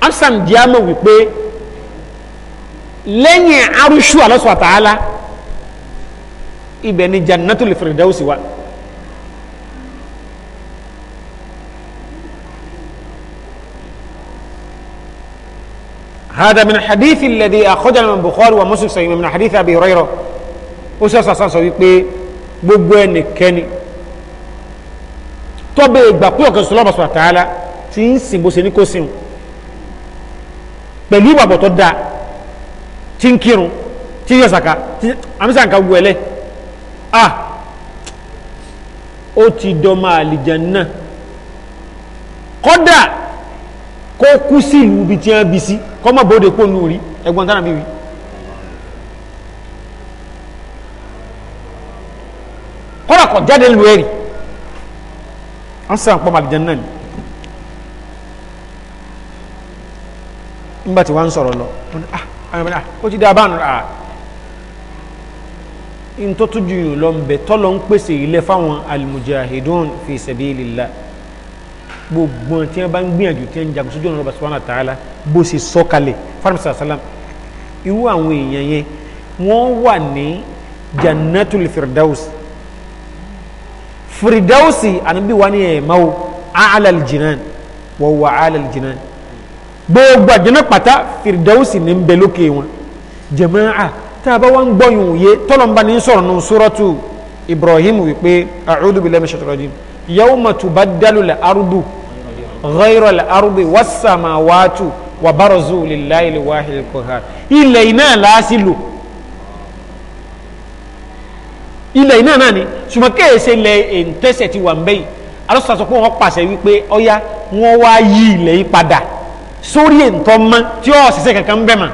absalom jẹ́ àmọ́ wípé lẹ́yìn arúṣù alọ́sọ̀ àtàlá ibẹ̀ ni jannatul firdaus wà هذا من الحديث الذي أخرجنا من البخاري ومسلم من حديث أبي هريرة أسس صلى الله gbogbo ẹnikẹ́ni tọ́bẹ̀ ìgbà pé ọ̀kan sọlọ́mọ sọ àtàlá tí ń sìn bó ṣe ní kó sìn pẹ̀lú ìwàbọ̀ tó dáa tí ń kírun tí ń yẹ sàkà tí àmísà nǹkan wù ẹlẹ́ a ah! ó ti dọ́mọ àlìjánnà kọ́dà kó kú sí ìlú ibi tí wọ́n bí sí kọ́mọ bóde pò nù rí ẹgbọ́n tánà bí wí. kọ́ra kọ́ jáde lu ẹ̀rì wọ́n sàn pọ́ màlìjẹ́ náà ni nígbà tí wọ́n ń sọ̀rọ̀ lọ wọ́n ní ah àwọn ọmọdé ah ó ti dá a bá nù ah ntọ́tú ju yìí lọ nbẹ tọ́lọ̀ ń pèsè ilé fáwọn almujahidun fi sabilillah gbogbo tí wọ́n bá ń gbìyànjú tí wọ́n ń jagun sójú ọ̀nà Ọba subhanahu wa ta'ala bó ṣe sọ̀kalẹ̀ fáramsà sálám irú àwọn èèyàn jannatul firdaus firidausi anabi wani ẹ mawo alal jinan wọwọ alal jinan gbogbo àjẹnà pàtà firidausi ní bẹ lókè wọn jẹmáà tá a bá wọn gbọyùn yé tọlọmba ní sọ̀rọ̀ nù suratu ibrahim wípé a'udhu billahi minash shaitanir rajim yawma tubaddalu la ardu ghayra la ardi was samawatu wa barazu lillahi al-wahid al-qahhar ilẹ̀ iná làásìlò ilẹ̀ iná náà ni ṣùgbọ́n kéèsè lẹ èntẹ́sẹ̀ ti wà ń bẹ́yìn alọ́sàtọ̀ pé wọ́n pàṣẹ wípé ọya wọ́n wá yí ilẹ̀ yìí padà sórí èntọ́ mọ́ tí ó ṣiṣẹ́ kankan bẹ́ẹ̀ mọ́.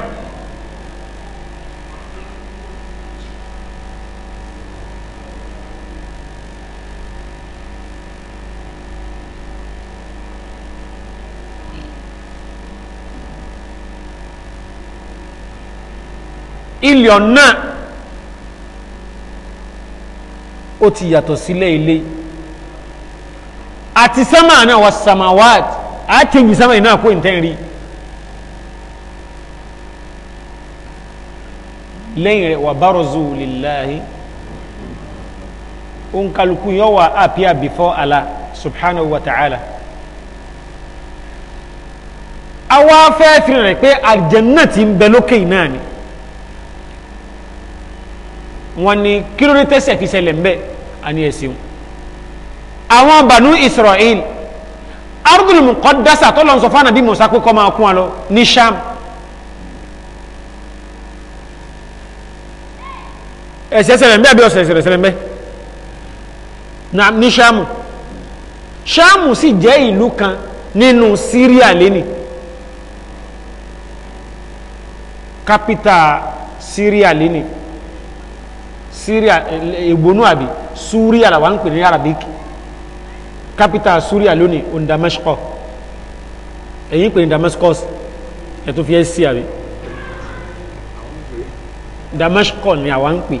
ilẹ̀ ọ̀nà ó ti yàtọ̀ sílẹ̀ ilé àti sẹ́mà náà wà samawat àtẹ̀yìn sẹ́mà náà kó ìtẹ́ rí lẹ́yìn rẹ̀ wà barazu lillahi onkaluku yọ wà appear before Allah subhanahu wa ta'ala awa fẹ́ fi rẹ̀ pé àjẹ́nà ti ń bẹ lókè náà ni wọ́n ní kí tẹ́sẹ̀ fi ṣẹlẹ̀ ń bẹ́ẹ̀ ani ẹ̀sìn àwọn banu israel ardul muqaddasa tọ́lọ̀ nsọ fún anabi musa pé kọ́ máa kún wa lọ ní sham ẹ̀sẹ̀ sẹ̀rẹ̀ mbẹ́ àbí ọ̀sẹ̀ sẹ̀rẹ̀ sẹ̀rẹ̀ mbẹ́ ní sham sham sì jẹ́ ìlú kan nínú syria lẹ́nìí capital syria lẹ́nìí syria ìgbónú àbí suria làwọn ń pè ní arabic capital suria lónìí ondamashko èyí ń pè ní damascus ẹ̀tún e fi ẹ́ sí àbí ni àwọn ń pè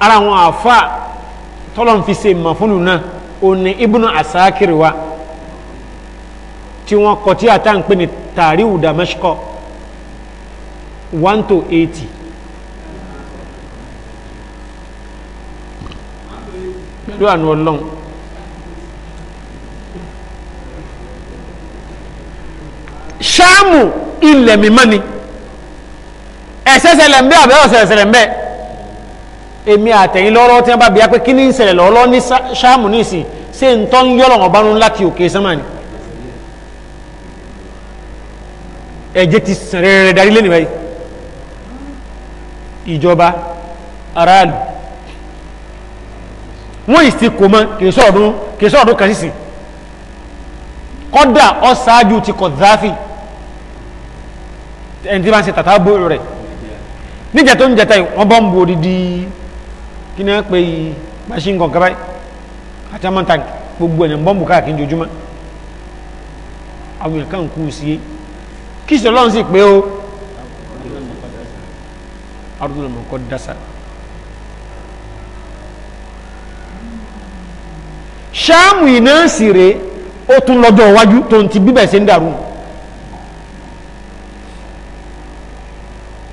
ara àwọn àfa tọ́lọ̀ ń fi ṣe mọ̀ fúnlù wa tí wọ́n kọ tí àtà ń pè ní tàríwù dàmẹ́ṣkọ́ one to eighty. pẹ̀lú àánú ọlọ́run ṣáàmù ilẹ̀ mímọ́ ni ẹ̀sẹ̀sẹ̀lẹ̀ ń bẹ́ àbẹ́ ọ̀sẹ̀sẹ̀lẹ̀ ń bẹ́ èmi àtẹ̀yìn lọ́rọ́ tí wọ́n bá bí i pé kí ní ìṣẹ̀lẹ̀ lọ́ọ́lọ́ ní ṣáàmù ní ìsìn ṣé ń tọ́ ń yọ́lọ̀ ọ̀bánu ńlá kí òkè sánmà ni. ẹ̀jẹ̀ ti sàn rẹ̀rẹ̀ darí lẹ́nu báyìí ìjọba aráàlú wọ́n ìsì kò mọ́ kìí sọ́ọ̀dún kan sísìn kọ́dà ọ ṣáájú ti Kọ̀dáfì ẹni tí wọ́n se tàtà bó rẹ̀ níjà tó ń jẹta yìí wọ́n bọ́ ń bo odidi kí ni wọ́n pe machine gun kaba àti amọ̀ntàn gbogbo ẹ̀yàn bọ́ǹbù káàkiri ojoojúmọ́ àwọn èèyàn kan kí ìṣẹ́ ọlọ́run sì pé o arúgbó mọ̀kọ́ dásà ṣáàmù iná sì rèé ó tún lọ́jọ́ iwájú tó ń ti bíbẹ̀ sí ń dàrú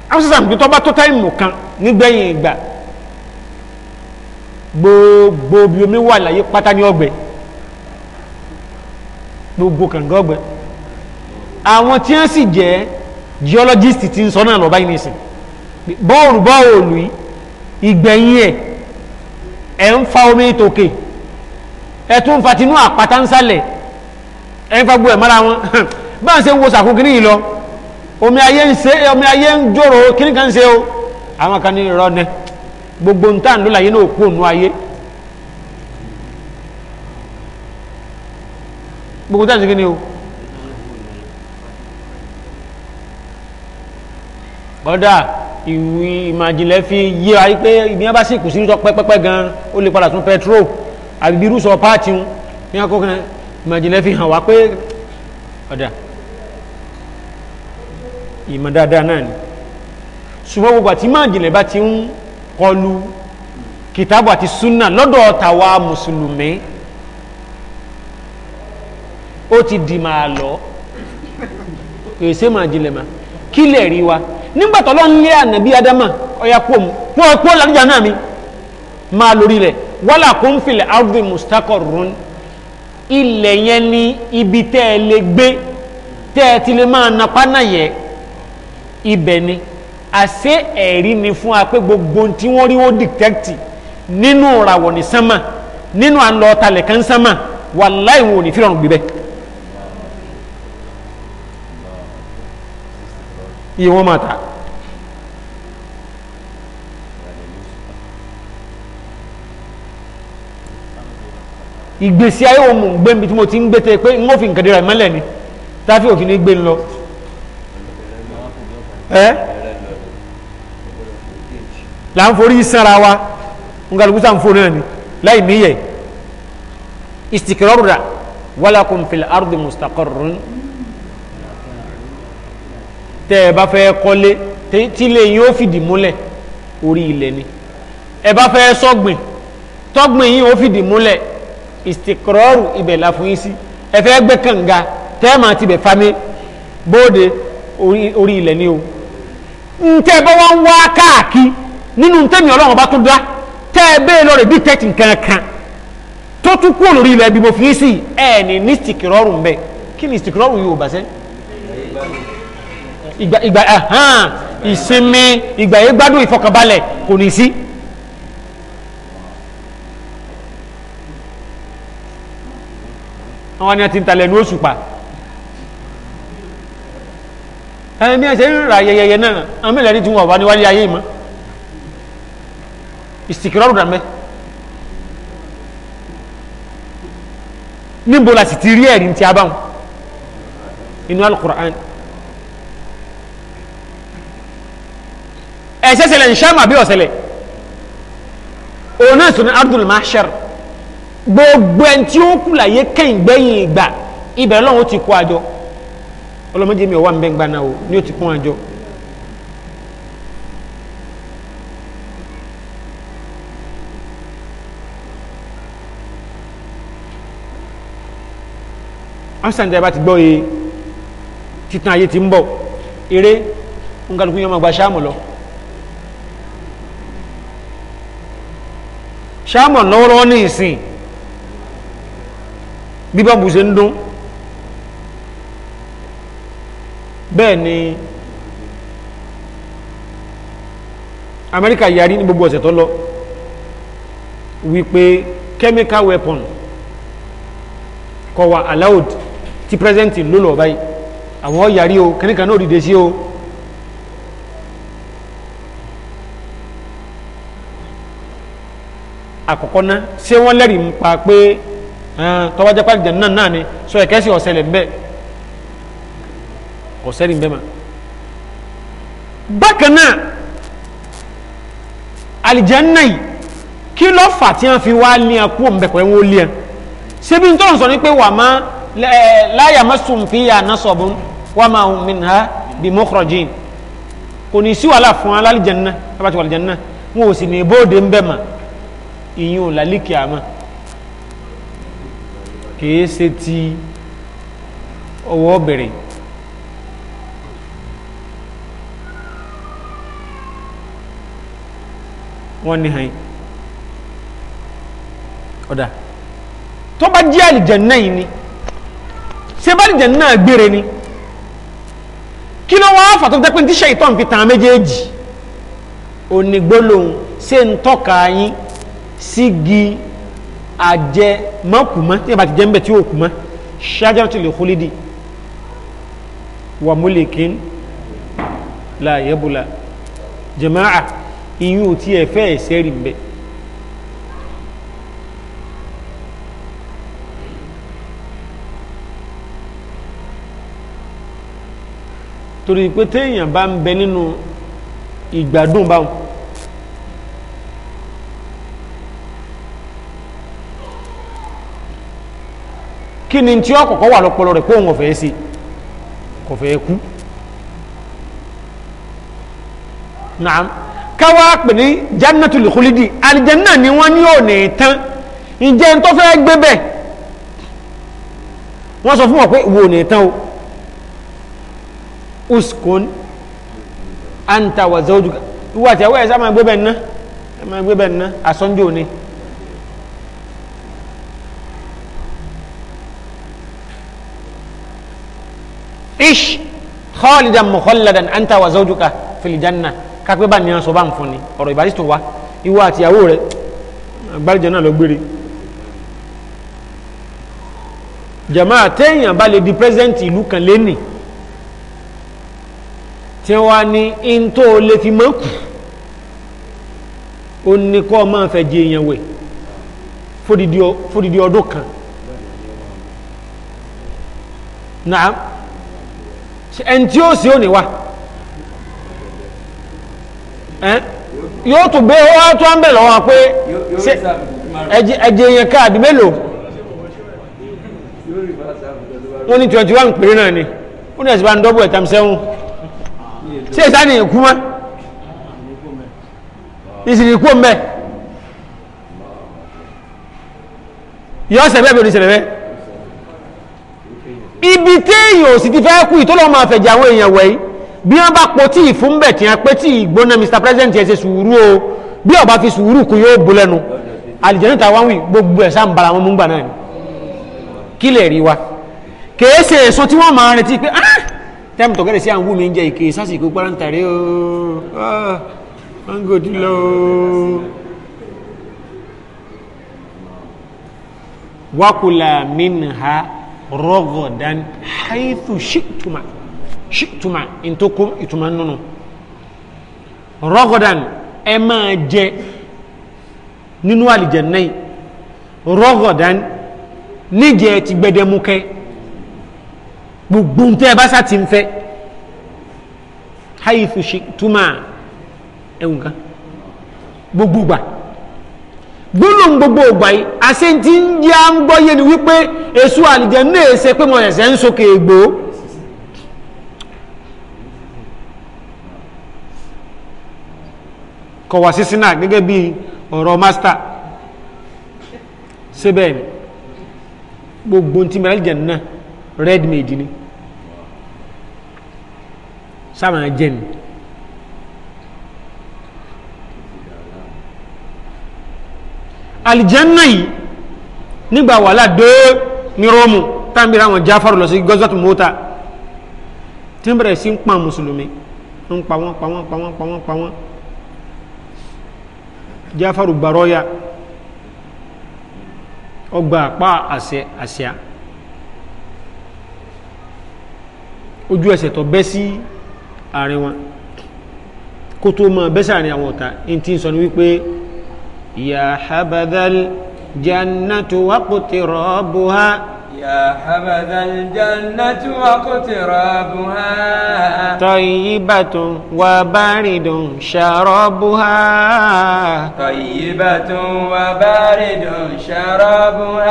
amsterdam kí tọ́ba tó táìmù kan nígbẹ̀yìn ìgbà gbogbo bí omi wà láyé pátá ní ọgbẹ gbogbo kànga ọgbẹ àwọn tí wọ́n sì jẹ́ geologist ti ń sọ náà lọ báyìí nìsín bọ́ọ̀lù bọ́ọ̀lù ìgbẹ̀yìn ẹ̀ ẹ̀ ń fa omi tòkè ẹ̀ tún fa tinú àpáta ń sálẹ̀ ẹ̀ ń fa gbogbo ẹ̀ mọ́ra wọn bá ń ṣe ń wo sàkó kiri yìí lọ omi ayé ń ṣe omi ayé ń jòrò kiri kan ṣe o àwọn kan ní irọ́ nẹ gbogbo ń tàn ló láyé náà kú òun ayé gbogbo ń tàn sí kí ni o. bọ́dà ìwé ìmàjìnlẹ̀ fi yé wa pé ibi wọn bá sì kù sí ìrúsọ pẹ́pẹ́pẹ́ gan ó lè padà tún pẹtrol àbí ìrúsọ páàtì wọn ní wọn kó ìmàjìnlẹ̀ fi hàn wá pé ọ̀dà ìmọ̀ dáadáa náà ni ṣùgbọ́n gbogbo àti ìmàjìnlẹ̀ bá ti ń kọlu kìtàbù àti súnà lọ́dọ̀ tàwa mùsùlùmí ó ti dì máa lọ èsè màjìnlẹ̀ mà kílẹ̀ rí wa nígbà tó lọ́n lé ànàbí adama ọ̀yà kó mu wọ́n kó làlùjá náà mi máa lórí rẹ̀ wàlà kó ń filẹ̀ ardi mustaqarrun ilẹ̀ yẹn ní ibi tẹ́ ẹ lè gbé tẹ́ ẹ ti lè máa napá náà yẹ ibẹ̀ ni àṣé ẹ̀rí ni fún wa pé gbogbo tí wọ́n rí wọ́n dìtẹ́kìtì nínú ràwọ̀ ní sánmà nínú àlọ́ talẹ̀ kan sánmà wàláì wọn ò ní fìrọ̀rùn iye wọn máa ta ìgbésí ayé wo mò ń gbé níbi tí mo ti ń gbé tẹ pé n ó fi nǹkan dira ìmọ́lẹ̀ ni táfi òfin ní gbé ń lọ là ń forí sanra wa nǹkan lùkúta ń forí náà ni láì níyẹ istiqraru walakum fil ardi mustaqarrun tẹ́ ẹ bá fẹ́ kọ́lé tílé yín ó fìdí múlẹ̀ orí ilẹ̀ ni ẹ bá fẹ́ sọ́gbìn tọ́gbìn yín ó fìdí múlẹ̀ ìsìkọrọ́rù ibẹ̀ la fún yín sí ẹ fẹ́ gbẹ́ kànga tẹ́ẹ̀mà ti bẹ̀ fami bóde orí ilẹ̀ ni o ntẹ́ bá wọ́n wá káàkiri nínú ntẹ́mi ọlọ́run bá tún dá tẹ́ ẹ bẹ́ẹ̀ lọ rẹ̀ bí tẹ́tì tó tún kúrò lórí ilẹ̀ bí mo fi yín sí ẹ̀ ní ní ìsìkọrọ́rù ń kí ni ìsìkọrọ́rù yóò bá sẹ́yìn ìgbà ìgbà ẹ̀hán ìsinmi ìgbà yẹn gbádùn ìfọkànbalẹ̀ kò ní sí. àwọn ni a ti ń talẹ̀ ní oṣù pa ẹni bí ẹ ṣe ń ra yẹyẹyẹ náà àmì ìlẹ́ni tí wọ́n wà ní wálé ayé mọ́ ìsìkìrọ́rù rẹ̀ mẹ́ níbo la sì ti rí ẹ̀rí ti abáwọn inú alukur'an ẹ̀ṣẹ́ ṣẹlẹ̀ ní ṣáàmù àbí ọ̀ṣẹlẹ̀ òun náà sọ ní ardul mahshar gbogbo ẹni tí ó kù láyé kẹ́yìn gbẹ́yìn ìgbà ibẹ̀ lọ́wọ́ ti kó àjọ ọlọ́mọdé mi ò wà ń bẹ́ gbaná o ni ó ti kún àjọ. ọ̀sán bá ti gbọ́ e títún ayé ti ń bọ̀ eré nǹkan tó máa gba ṣáàmù lọ. ṣáàmù lọ́rọ́ ní ìsìn bí bọ́ọ̀bù ṣe ń dún bẹ́ẹ̀ ni Amẹ́ríkà yarí ní gbogbo ọ̀sẹ̀ tó wípé chemical weapon kọwa allowed ti president lólọ̀ báyìí àwọn yarí o kẹ́nìkan náà dìde sí o àkọ́kọ́ ná ṣé wọ́n lẹ́rìí ń pa pé tọ́wọ́ jẹ́ pàdé jẹun náà náà ni sọ ẹ̀kẹ́ sí ọ̀sẹ̀ lẹ̀ ń bẹ̀ ọ̀sẹ̀ rìn bẹ́ẹ̀ mà. bákan náà àlìjánnà yìí kí ló fà tí wọ́n fi wá lé ẹkú òǹbẹ̀kọ̀ ẹ̀wọ̀n ó lé ẹ ṣébi tó ń sọ ni pé wà má láyà má sùn fi yà nasabun wà má minha bi mukhrajin kò ní sí wàhálà fún alálìjánnà tábàtì wàlìjánnà wọn ò sì ní ibóde ń bẹ́ẹ̀ mà ìyìn ò lálíkì àmọ́ kìí ṣe ti ọwọ́ bẹ̀rẹ̀ wọ́n ní hàn ọ̀dà tó bá jẹ́ àlìjànnà yìí ni ṣe bá àlìjànnà gbére ni kí ló wáá fàtọ́ tẹ́pẹ́ tí ṣe ìtọ́ fi tàn méjèèjì onígbólóhùn ṣe ń tọ́ka yín sígi àjẹ mọ́kùmọ́ tí a bá ti jẹ́ ń bẹ̀ tí ó kùmọ́ ṣájaratul khulidi wa mulikin la yabula jama'a iyun tí ẹ fẹ́ ẹ̀sẹ̀ rí mbẹ́ torí pé téèyàn bá ń bẹ nínú ìgbádùn báwọn kí ni tí ọkọ̀kọ́ wà lọ́pọlọ rẹ̀ kóhun ọ̀fẹ́ sí kò fẹ́ kú naam káwá pè ní jannatul khulidi alìjẹ́nà ni wọ́n ní òní tán ìjẹ́ tó fẹ́ gbé bẹ̀ wọ́n sọ fún wọn pé wo òní tán o uskun anta wa zawjuka ìwà tí a wọ́n ẹ̀ sá máa gbé bẹ̀ ná máa gbé bẹ̀ ná asọ́njọ́ ni. ish khalidan mukhalladan anta wa zawjuka fil janna kápẹ́ bá nìyàn sọ bá ń fún ni ọ̀rọ̀ ìbáraẹni tó wá ìwọ àti ìyàwó rẹ àgbáríjọ náà ló gbére jama téèyàn bá lè di president ìlú kan lẹ́nì tí wọ́n á in tó lè fi mọ́ kù ó ní kọ́ ọ máa fẹ́ jẹ èèyàn wẹ̀ fódìdí ọdún kan naam ẹn tí ó sì ó níwá yóò tún gbé wá tó ń bẹ̀ lọ́wọ́ pé ẹjẹ yẹn káàdì mélòó wọ́n ní twenty one péré náà ni ó ní ẹ̀sìn bá ń dọ́bù ẹ̀ tàbí sẹ́wọ̀n ṣé ìsáni ìkú mọ́ ìsìnkú mẹ́ yọ ọ̀sẹ̀ bẹ́ẹ̀ bí oníṣẹ̀lẹ̀ bẹ́ẹ̀ ibi téèyàn ò sì ti fẹ́ kú ìtọ́lọ́ máa fẹ̀jẹ̀ àwọn èèyàn wẹ̀ bí wọ́n bá po tí ìfúnbẹ̀ tí wọ́n pé tí ìgbóná Mr President ẹ̀ ṣe sùúrù o bí ó bá fi sùúrù kú yóò bó lẹ́nu àlìjẹ́nu tàwa wí gbogbo ẹ̀ sáà ń bara wọn mú gbà náà ni kí lè rí wa kèé ṣe èso tí wọ́n máa retí pé ah tẹ́mù tọ̀gẹ́rẹ́ sí àwọn wú mi ń jẹ ìkè sásìkò gbárantàrí o ah mango dìlọ o. wakula minha rọgọdan haithu shiktuma shiktuma ntoko ituma nunu rọgọdan ẹ máa jẹ nínú àlìjẹnẹ yìí rọgọdan níjẹ ti gbẹdẹmukẹ gbogbo ntẹ bá sá ti ń fẹ haithu shiktuma ẹwùn kan gbogbo gbà gbólóhùn gbogbo ògbà yìí àṣẹ́ntí ń yá ń gbọ́yé ni wípé èso àlìjẹ náà ṣe pé mo ẹ̀sẹ̀ ń sókè ègbò kọ̀wà sísí náà gẹ́gẹ́ bí ọ̀rọ̀ mástà síbẹ̀ ni gbogbo tí mẹ́rẹ́ àlìjẹ náà red ni sáwọn jẹ́ ni. alìjẹ́nà yìí nígbà wàhálà dé ní róòmù tábìrì àwọn jáfàrù lọ sí gọ́sọ̀tù mọ́ta tí ń bẹ̀rẹ̀ sí ń pa mùsùlùmí ń pa wọ́n pa wọ́n pa wọ́n pa wọ́n pa wọ́n jáfàrù gbàrọ́yà ọgbà àpá àṣẹ ojú ẹsẹ̀ tó bẹ́ sí àárín wọn kó tó mọ̀ bẹ́sẹ̀ àárín àwọn ọ̀tá يا حبذا الجنة واقترابها يا حبذا الجنة واقترابها طيبة وبارد شرابها طيبة وبارد شرابها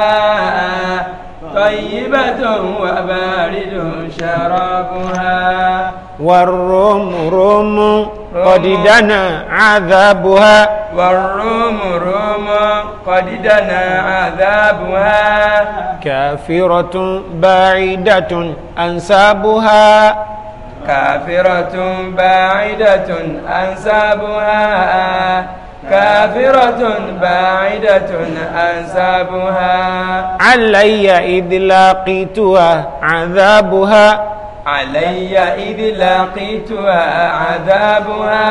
طيبة وبارد شرابها والروم روم قد دنا عذابها والروم روم قد دنا عذابها كافرة بعيدة أنسابها كافرة بعيدة أنسابها كافرة باعدة أنسابها علي إذ لاقيتها عذابها علي إذ لاقيتها عذابها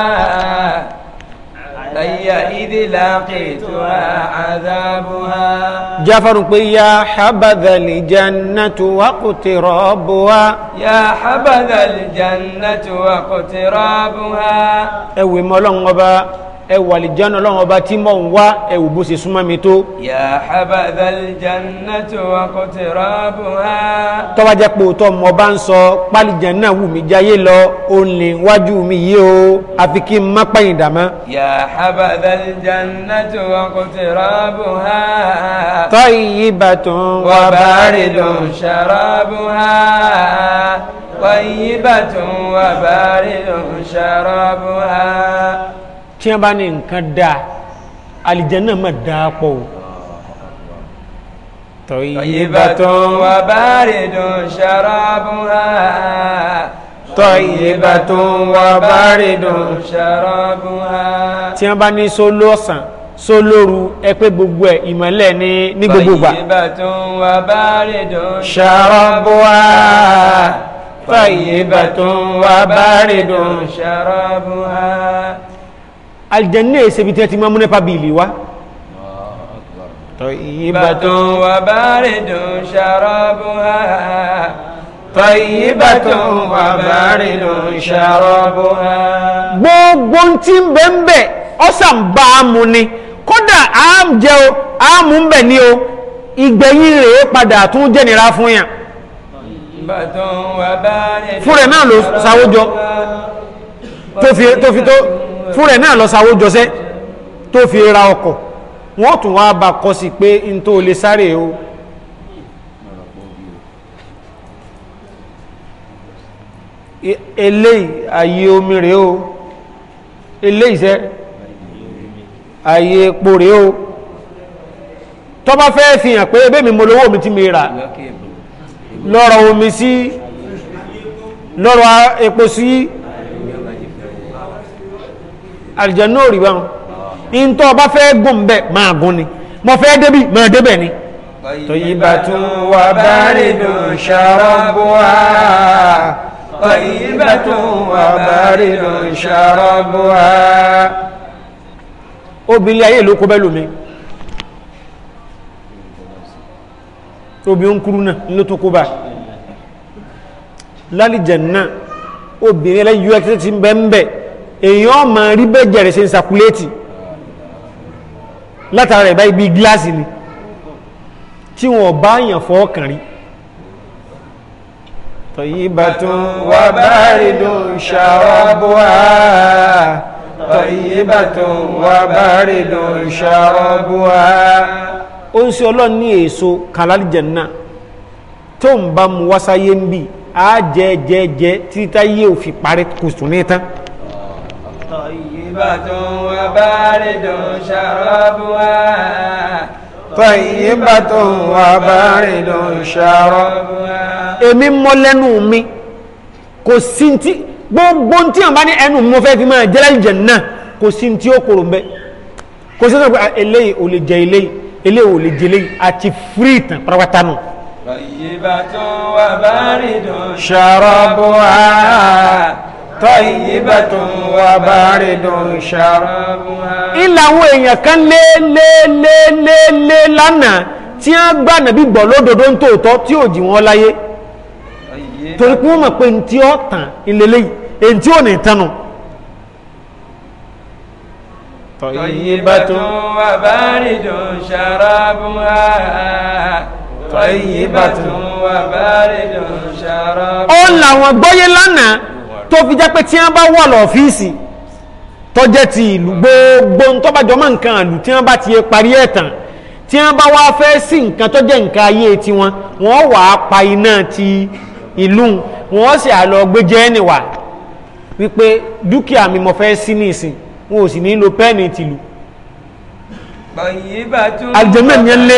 علي إذ لاقيتها عذابها جفر يا حبذا الجنة واقترابها يا حبذا الجنة واقترابها أوي مولون ẹ wà lè jẹ́ ọlọ́run ọba tí mò ń wá ẹ wò bó ṣe súnmọ́ mi tó. yà á hábà dàlìjànà tó akọ̀tẹ̀rọ̀ bù á. tọ́wá jẹ́ pé òótọ́ mọ̀ bá ń sọ pálíjànà wù mí jáyé lọ òun lè wájú mi yìí o àfi kí n má pẹ́yìn dàmọ́. yà á hábà dàlìjànà tó akọ̀tẹ̀rọ̀ bù á. tọ́ iyì bàtún wà bàárẹ̀ dùn ṣàrọ̀ bù wà iyì bàtún wà bàárẹ̀ dùn ṣàrọ̀ bù tí wọ́n bá ní nǹkan dáa alìjẹ́nà mọ̀ dáa pọ̀ o tọ̀yìnbàtàn wà báàrì dùn ṣàràbùhà tọ̀yìnbàtàn wà báàrì dùn ṣàràbùhà tí wọ́n bá ní sólú ọ̀sán sólóru ẹ gbogbo ẹ ìmọ̀lẹ̀ ní ní gbogbo gbà tọ̀yìnbàtàn wà báàrì dùn ṣàràbùhà tọ̀yìnbàtàn wà báàrì dùn ṣàràbùhà aljanna èsè bí tẹ́ ti máa múnẹ́ pàbílì wá tọ́yìnbàtún wà báàrìdùn ṣàrọ́bùhá tọ́yìnbàtún wà báàrìdùn ṣàrọ́bùhá gbogbo tí ń bẹ̀ ń bẹ̀ ọ́sàn bá a mú ni kódà a ń jẹ o a mú ń bẹ̀ ni o ìgbẹ̀yìn rẹ̀ padà tún jẹ́nira fún yàn fún rẹ̀ náà ló sáwójọ tó fi tó fún rẹ̀ náà lọ sáwó jọsẹ́ tó fi ra ọkọ̀ wọ́n tún wá bá kọ sí pé n tó lè sáré o eléyìí ayé omi rèé o eléyìí sẹ́ ayé epo rèé o tó bá fẹ́ fi hàn pé ebé mi mo lówó mi ti mi rà lọ́rọ̀ omi sí lọ́rọ̀ epo sí àlìjẹ̀nú ò rí bá wọn ìntọ́ ọba fẹ́ gùn bẹ́ẹ̀ máa gùn ni mo fẹ́ débì máa débẹ̀ ni. tọ̀yìnbàtún wà bárí dùn ṣàrọ̀bùwà tọ̀yìnbàtún wà bárí dùn ṣàrọ̀bùwà. obìnrin ayé ló kó bẹ́ẹ̀ lómi obìnrin kúrú náà ló tó kó bá lálìjẹ̀ náà obìnrin ẹlẹ́yìn us ti ń bẹ́ẹ̀ ń bẹ́ẹ̀ èèyàn ọmọ rí bẹ́jẹ̀ rẹ̀ ṣe ń sakuléètì látara ẹ̀ báyìí bí gíláàsì ni tí wọn bá yàn fọ́ọ̀kàn rí tọ̀yìnbàtún wà báyìí dùn ṣàwọ́bùwà tọ̀yìnbàtún wà báyìí dùn ṣàwọ́bùwà ó ń ṣe ọlọ́run ní èso kàlálìjẹ̀ náà tó ń bá mu wáṣáyé ń bì á jẹ́ jẹ́ jẹ́ títí táyé òfin parí kò ní tán. طيبة وبارد شرابها طيبة وبارد شرابها èmi mọ lẹ́nu mi kò ti gbogbo tí wọn bá ní ẹnu mo fẹ́ fi máa jẹ́lá ìjẹ̀ náà kò sí tí ó kòrò mbẹ́ kò sí sọ́dọ̀ ah, eléyìí ò lè jẹ eléyìí eléyìí ò lè jẹ eléyìí àti fúrí ìtàn pátápátá nù. طيبة وبارد شرابها tayyibatun wa baridun sharabuha. ilà àwọn èèyàn kan lé lé lé lé lé lánàá tí wọ́n gbà nàbí gbọ́ lódodo ń tòótọ́ tí ò jì wọ́n láyé torí pé wọ́n mọ̀ pé ntí ọ̀ tàn ìlélẹ́ yìí ò ní tánu. tayyibatun wa baridun sharabuha tayyibatun wa baridun sharabuha. ó làwọn gbọ́yé lánàá tó fi jẹ́ pé tí wọ́n bá wà lọ́fíìsì tó jẹ́ ti ìlú gbogbo tó bá jọmọ́ nǹkan àlù tí wọ́n bá ti parí ẹ̀ tán tí wọ́n bá wá fẹ́ sí nǹkan tó jẹ́ nǹkan ayé tiwọn wọ́n wà á pa iná ti ìlú wọ́n sì àlọ́ gbé jẹ́ ẹnìwà wípé dúkìá mi mo fẹ́ sí nísìn wọn ò sì ní lo pẹ́ẹ̀nì tìlú àjẹmẹ́ni ẹ̀ lé.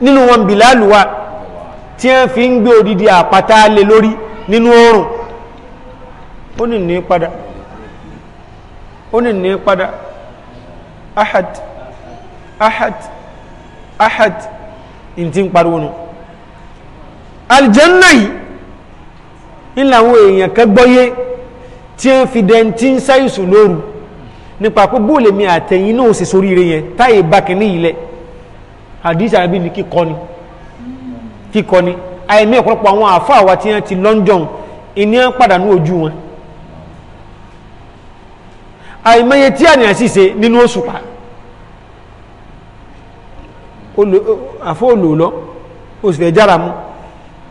nínú wọn Bilalu wa tí wọ́n fi ń gbé odidi àpáta lé lórí nínú oòrùn ó ní ní padà ó ní ní padà ahad ahad ahad in ti ń pariwo nù aljanna yìí ńlá àwọn èèyàn kan gbọ́yé tí ń fi dẹ́ntí ń sáyùsù lóru nípa pé bóòlèmí àtẹ̀yìn náà sì sórí rẹ̀ yẹn táyé bákẹ́ ní ilẹ̀ àdìsí àbí ni kíkọ ni kíkọ ni àìní ọ̀pọ̀lọpọ̀ àwọn àfáà wa tí wọ́n ti London ìní ń pàdánù ojú wọn àìmọye tí àníyàn sì ṣe nínú òṣùpá àfọ olóòlọ oṣù fẹ́ jára mu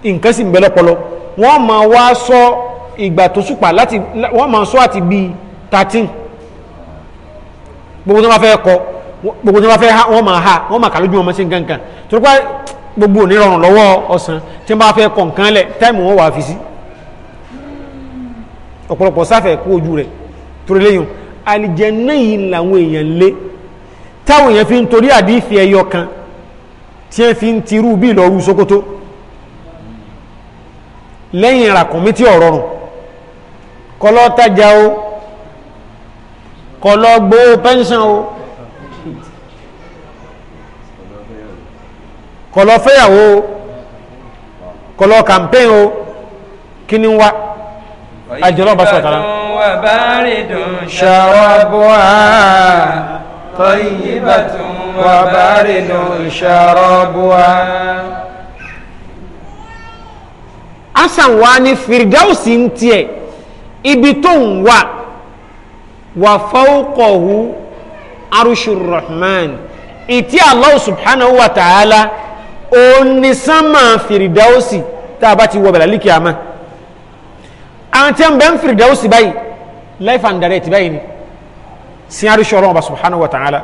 nǹkan sì ń bẹ lọ́pọlọ wọ́n máa wá sọ ìgbà tó ṣùpá láti wọ́n máa sọ àti bíi thirteen gbogbo tó máa fẹ́ kọ́ gbogbo tí wọ́n fẹ́ wọ́n máa ha wọ́n máa kàlójú wọn ṣe nǹkan kan torí pé gbogbo onírọ̀rùn lọ́wọ́ ọ̀sán tí wọ́n bá fẹ́ kọ̀ nǹkan lẹ̀ táìmù wọn wà á fi sí ọ̀pọ̀lọpọ̀ sáfẹ̀ kó ojú rẹ̀ torí lẹ́yìn àlìjẹ̀nnà yìí làwọn èèyàn lé táwọn èèyàn fi ń torí àdífi ẹyọ kan tí wọ́n fi ń tirú bí ìlọrú Sókótó lẹ́yìn ìràkùnmí tí ọ̀rọ̀ rùn kọlọ́ tájà o kọlọ́ gbowó pẹ́ńsán o kọlọ fẹ́yàwó kọlọ campaign o kí ni wá àjọlọ bá sọ̀tà náà. wà bá rí dùn ṣàrọ̀bùà wa ni firdausi ń tiẹ̀ ibi tó ń wà wà fawqahu arushu rahman ìtí Allah subhanahu wa ta'ala òun ni sánmà fìrìdáòsì tá a bá ti wọ bẹ̀rẹ̀ líkì àmà àwọn tí wọn bẹ ń fìrìdáòsì báyìí life and direct báyìí ni sin aríṣọ ọlọ́run ọba subhanahu wa ta'ala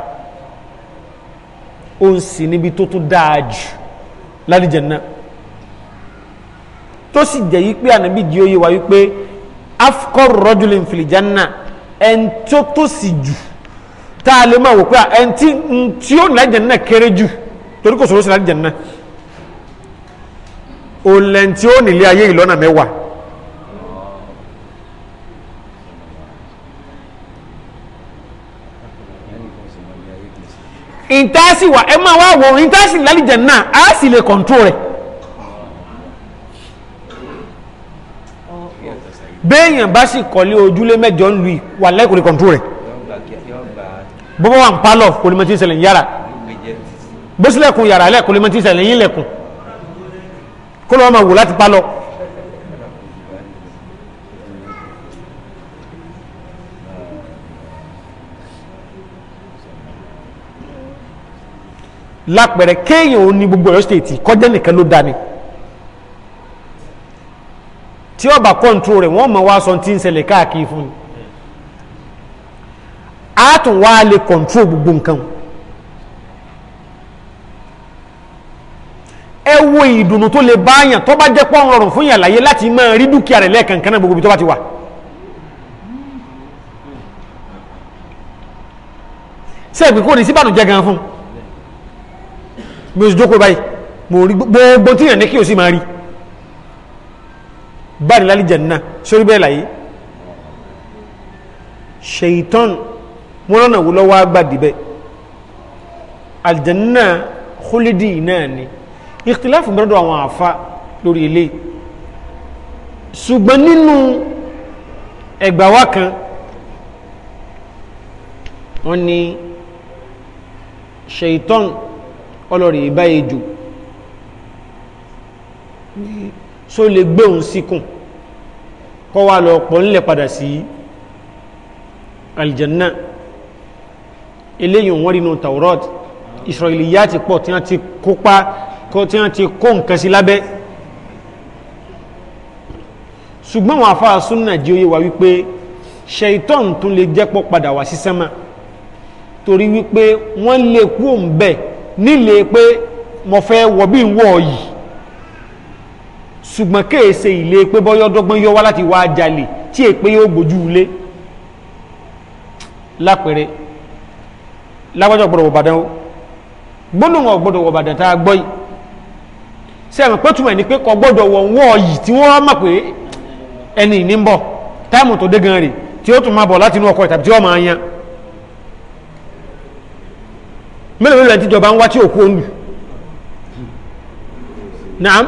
ó ń sin níbi tó tún dáa jù lálìjẹ̀nnà tó sì jẹ́ yí pé ànábì jí ó wa wípé afkor rajulin fil janna ẹn tó tó sì jù tá a lè máa wò pé ẹn tí ó nílẹ̀ jẹ̀nnà kéré jù torí kò sọ̀rọ̀ sí láti jẹ̀nà òlẹ̀ tí ó nílé ayé ìlọ́nà mẹ́wàá ìtaásí wà ẹ máa wá wọ ìtaásí láti jẹ̀nà á sì lè kọ̀ǹtró rẹ̀ béèyàn bá sì kọ́lé ojúlé mẹ́jọ ń lu wà lẹ́kùnrin kọ̀ǹtró rẹ̀ bọ́bọ́ wà ń pálọ̀ olùmọ̀tí ìṣẹ̀lẹ̀ yára gbésílẹ̀kùn yàrá lẹ́kùn lè mọ́ tí ìṣẹ̀lẹ̀ yín lẹ̀kùn kó lọ́wọ́ máa wò láti pa lọ. lápẹ̀rẹ̀ kéèyàn ò ní gbogbo Ọ̀yọ́ stéètì kọjá nìkan ló dání tí ọba kọ́ńtró rẹ̀ wọ́n mọ̀ wá sọ tí ń ṣẹlẹ̀ káàkiri fún un a tún wá lè kọ́ńtró gbogbo nǹkan o. ẹ wo ìdùnnú tó lè bá yàn tó bá jẹ́ pọ́n rọrùn fún yàn láyé láti máa rí dúkìá rẹ̀ lẹ́ẹ̀kan kan náà gbogbo ibi tó bá ti wà. ṣé ìpín kò ní síbànú jẹ́ gan fún mi ò sì jókòó báyìí gbogbo tí yàn ní kí o sì máa rí báyìí lálẹ́ jẹ̀ sórí bẹ́ẹ̀ láyé ṣèyítọ́n wọn lọ́nà wo lọ́wọ́ àgbàdì bẹ́ẹ̀ àlìjẹ̀ náà ni ìtìláfù mẹ́rọ̀dọ̀ àwọn àfa lórí ilé ṣùgbọ́n nínú ẹgbàwá kan wọ́n ní ṣèitán ọlọ́rì ìbá ejò so lè gbé òun síkùn kọ́ wá lọ pọ̀ ńlẹ̀ padà sí aljanna eléyìn wọ́n rí nù taurat israeliyati pọ̀ tí wọ́n ti kópa kó tí wọ́n ti kó nǹkan sí lábẹ́ ṣùgbọ́n wọn àfa súnà jí oyé wa wípé ṣèitọ́n tún lè jẹ́pọ̀ padà wá sí sánmà torí wípé wọ́n lè kú òun bẹ̀ nílé pé mo fẹ́ wọ bí n wọ̀ yìí ṣùgbọ́n kéèsè ilé pé bọ́yọ́ dọ́gbọ́n yọ wá láti wá jalè tí è pé yóò gbójú ilé lápẹẹrẹ lágbájọ gbọ́dọ̀ wọ̀bàdàn ó gbónú wọn gbọ́dọ̀ wọ̀bàdàn tá a gbọ́ yìí sẹ́wọ̀n pé túmọ̀ ní pé kò gbọ́dọ̀ wọ̀ wọ́n yìí tí wọ́n mọ̀ pé ẹni ń bọ̀ gan rè tí ó tún máa bọ̀ láti inú ọkọ̀ ìtàbí tí wọ́n máa yan mélòó mélòó ẹni tíjọba ń wá tí òkú olù náà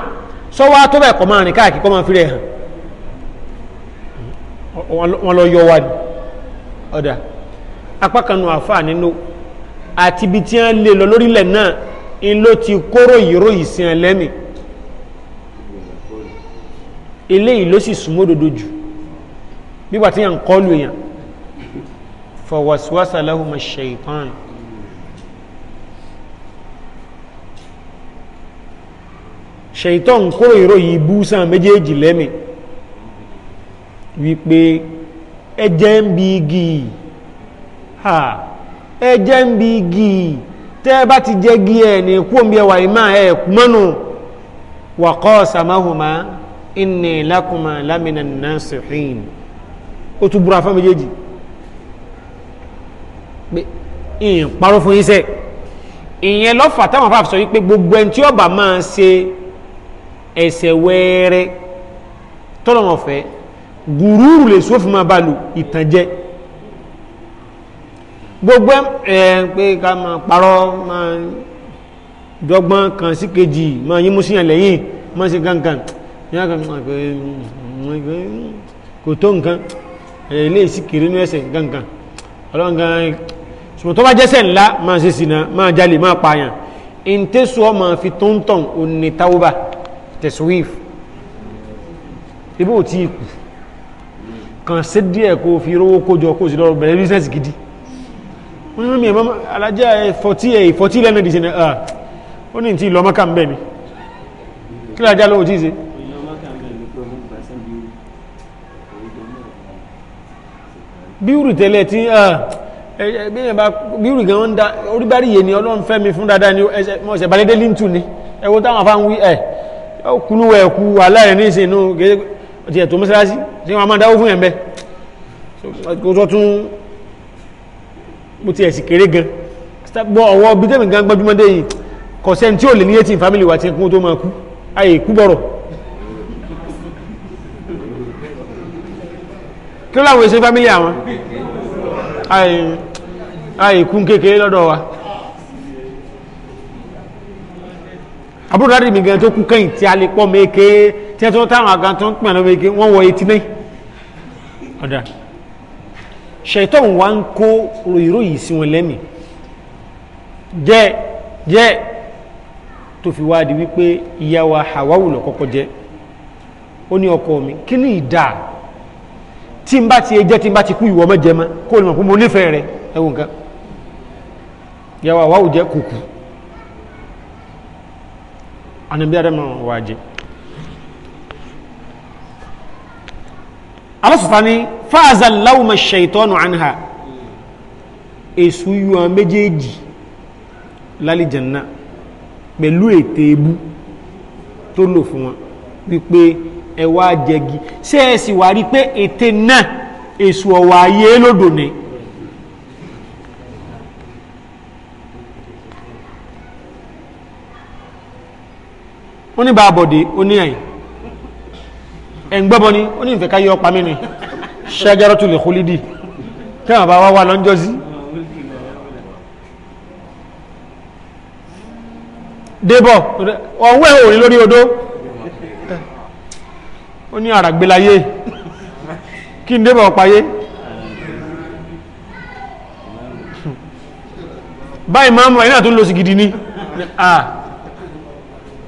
sọ́wọ́ tó bẹ̀ kọ́ máa rìn káàkiri kọ́ fi rẹ̀ hàn wọ́n lọ yọ wa ni ọ̀dà apá kan nù àfà nínú àti ibi tí wọ́n lè lọ lórílẹ̀ náà ń ti kóró eléyìí ló sì súnmọ́ dodo jù nígbà tí yàn kọlu èèyàn fọwọ́sowọ́sà lọ́hùnmọ̀ ṣèyípán ṣèyítọ́ ń kúrò ìró yìí bú sàn méjèèjì lẹ́mì wípé ẹjẹ́ ń bi igi ha ẹjẹ́ ń bi igi tẹ́ bá ti jẹ́ gi ẹ̀ ní kúòmí ẹwà ìmá ẹ̀ kúmọ́nù wàkọ́ sàmáhùnmá inni lakuma lamina nasihin ó tún búra fún méjèèjì pé ìyìn parọ́ fún yín sẹ́ ìyẹn lọ́fà táwọn afáàfin sọ wípé gbogbo ẹni tí ọba máa ṣe ẹsẹ̀ wẹ́ẹ́rẹ́ tọ́lọ́wọ́n fẹ́ gùrúùrù lè sófin máa bá lu ìtànjẹ gbogbo ẹ pé ká máa parọ́ máa dọ́gbọ́n kan sí kejì máa yín mú síyàn lẹ́yìn máa ṣe gángan yẹn kan kò tó nǹkan ilé ìsìkiri ní ẹsẹ̀ gangan ọlọ́run gan ṣùgbọ́n tó bá jẹ́sẹ̀ ńlá máa ṣe sìnà máa jalè máa pààyàn ìntẹ́sù ọmọ fi tóńtọ̀n òní táwọ́bà tẹ̀síwìf ibò tí ikù kàn sí díẹ̀ kó fi rówó kójọ kó sì lọ́rọ̀ bẹ̀rẹ̀ bísẹ̀sì gidi wọ́n yóò mi ẹ̀mọ́ alájá ìfọ̀tí ẹ̀ ìfọ̀tí lẹ́nu ìdìsẹ̀ náà ó ní ti lọ́mọ́kà ń bẹ̀ mi kí lájá lóòtí ṣe bíúrù tẹ́lẹ̀ tí bíúrù gan ń da orí bá rí yé ni ọlọ́run fẹ́ mi fún dáadáa ni ọ̀sẹ̀ balẹ̀dẹ́ líntù ni ẹwọ́ táwọn afá ń wí ẹ̀ kúnú ẹ̀ kú aláìní ìsìnú ti ẹ̀tọ́ mọ́sálásí tí wọ́n máa dáwó fún ẹ̀mẹ́ kò tó tún mo ti ẹ̀sì kéré gan gbọ́ ọwọ́ bí tẹ́mi gan gbọ́júmọ́dé yìí kọ̀sẹ́ni tí ò lè ní kí láwọn èsè fámílì àwọn àìkún kékeré lọ́dọ̀ wa àbúrò dáadé mi gan tó kú kẹ́yìn tí a lè pọ́ méke tí a tó táwọn àga tó ń pè wọ́n wọ etí náà wa ń kó sí wọn jẹ́ jẹ́ tó fi wa Hawa kọ́kọ́ jẹ́ ó ní ọkọ mi kí ni tí n bá ti jẹ́ tí n bá ti kú ìwọ ọmọ jẹ mọ́ kó o lè mọ̀ pé mo nífẹ̀ẹ́ rẹ ẹ wò nǹkan yàwó àwáwò jẹ kùkù anabi adamu wà jẹ. alásùfà ni fáàzà láwùmọ ṣètọ́nù àníhà èsù yọ méjèèjì lálìjẹ̀nà pẹ̀lú ètè ebú tó lò fún wọn wípé ẹ wá jẹgi ṣé ẹ sì wá rí i pé ète náà èso ọ̀wà ayé lódò ni. wọ́n ní bá a bọ̀dé ó ní ẹ̀yìn ẹ̀ ń gbọ́bọ ni ó ní ìfẹ́ ká yọ ọpa ni ṣẹ́gẹ́rọ́ tó lè kó lídì kí bá wá wà lọ́njọ́ sí. débọ̀ ọ̀wẹ́ òrìn lórí odó ó ní àràgbélayé kí n débọ̀ payé báyìí máa mọ̀ iná tó ń lo sìgìdì ni ah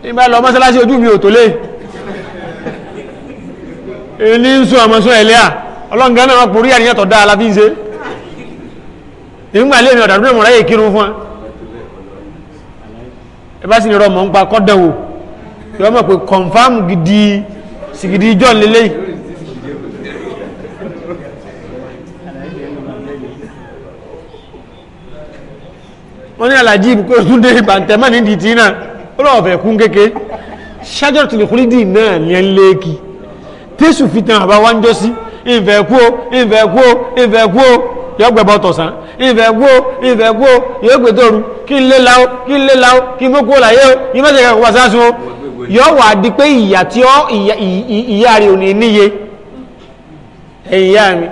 ìbá lọ mọ́sálásí ojú mi ò tó lé ní ń sún àmọ́sún ẹ̀lẹ́à ọlọ́ngá náà wọ́n porí àríyàn tó dáa la fi ń ṣe ìgbà lè mi ọ̀dà lórí mọ̀ráyè kírun fún ẹ bá sì ní rọmọ ń pa kọ́dẹ̀wò yọ mọ̀ pé confam gidi sìgìdì ìjọ lele, yìí wọ́n ní alájí ibùkú òtúndé ìbàntẹ́mọ́ ní dìtì náà ó lọ́wọ́ fẹ̀ kún kéke ṣájọ́ tìlẹ̀ kúrídì náà ní ẹ̀ ń léèkì tẹ́sù fi ń jọ sí ìfẹ́ kú o ìfẹ́ kú o ìfẹ́ kú o yọ gbẹ̀bọ̀ tọ̀sán ìfẹ́ kú o ìfẹ́ kú o yóò gbẹ̀tọ̀rù kí n lé la o kí n lé la o kí n mú kú o láyé o kí n má ṣe kẹ́kọ̀ọ́ sásun o yóò wà di pé ìyà tí ó ìyà rẹ̀ ò ní níye ẹ̀yìn ìyá mi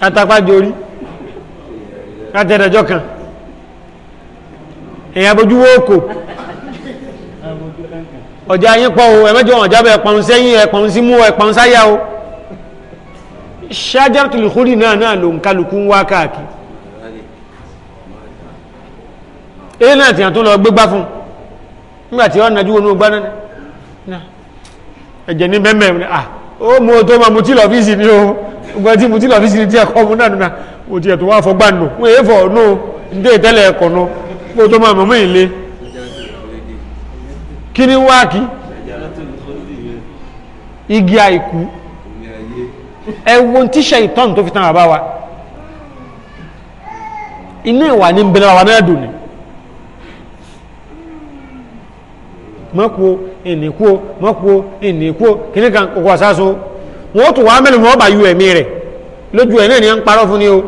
atapájọ orí látẹ̀dẹ̀jọ́ kan èyàn abojú wóòkò ọjà yín pọ̀ o ẹ̀mẹ́jọ ọ̀jábẹ̀ ẹ̀pọ̀n sẹ́yìn ẹ̀pọ̀n símú ẹ̀pọ̀n sáyà o ṣájártùlù kúrì náà náà ló ń kálukú ń wá káàkiri èyí náà tìyàn tó lọ gbégbá fún un ngwa-tí wọ́n najú onú gbáná ẹ̀jẹ̀ ní mẹ́mẹ́ ah ó mú o tó ma mú tí lọ́fíìsì ní o gbọ́n tí mú tí lọ́fíìsì ní tí ẹ̀kọ́ mú náà nùnà mo ti ẹ̀tọ́ wá fọgbà nù wọ́n èé ndé tẹ́lẹ̀ ẹ̀kọ́ nù mú o tó ma mọ̀mọ́ ìlé kí ni wá kí igi àìkú ẹ̀wọ̀n ìtọ́nù tó fi tán àbá wa inú ìwà bẹ̀rẹ̀ wà náà dùn ni mọ́kúó ìníkúó mọ́kúó ìníkúó kìíní kan kòkó àsáso wọ́n tó wà mẹ́lùmọ́ ọba yú ẹ̀mí rẹ̀ lójú ẹ̀ náà ni a ń fún ní o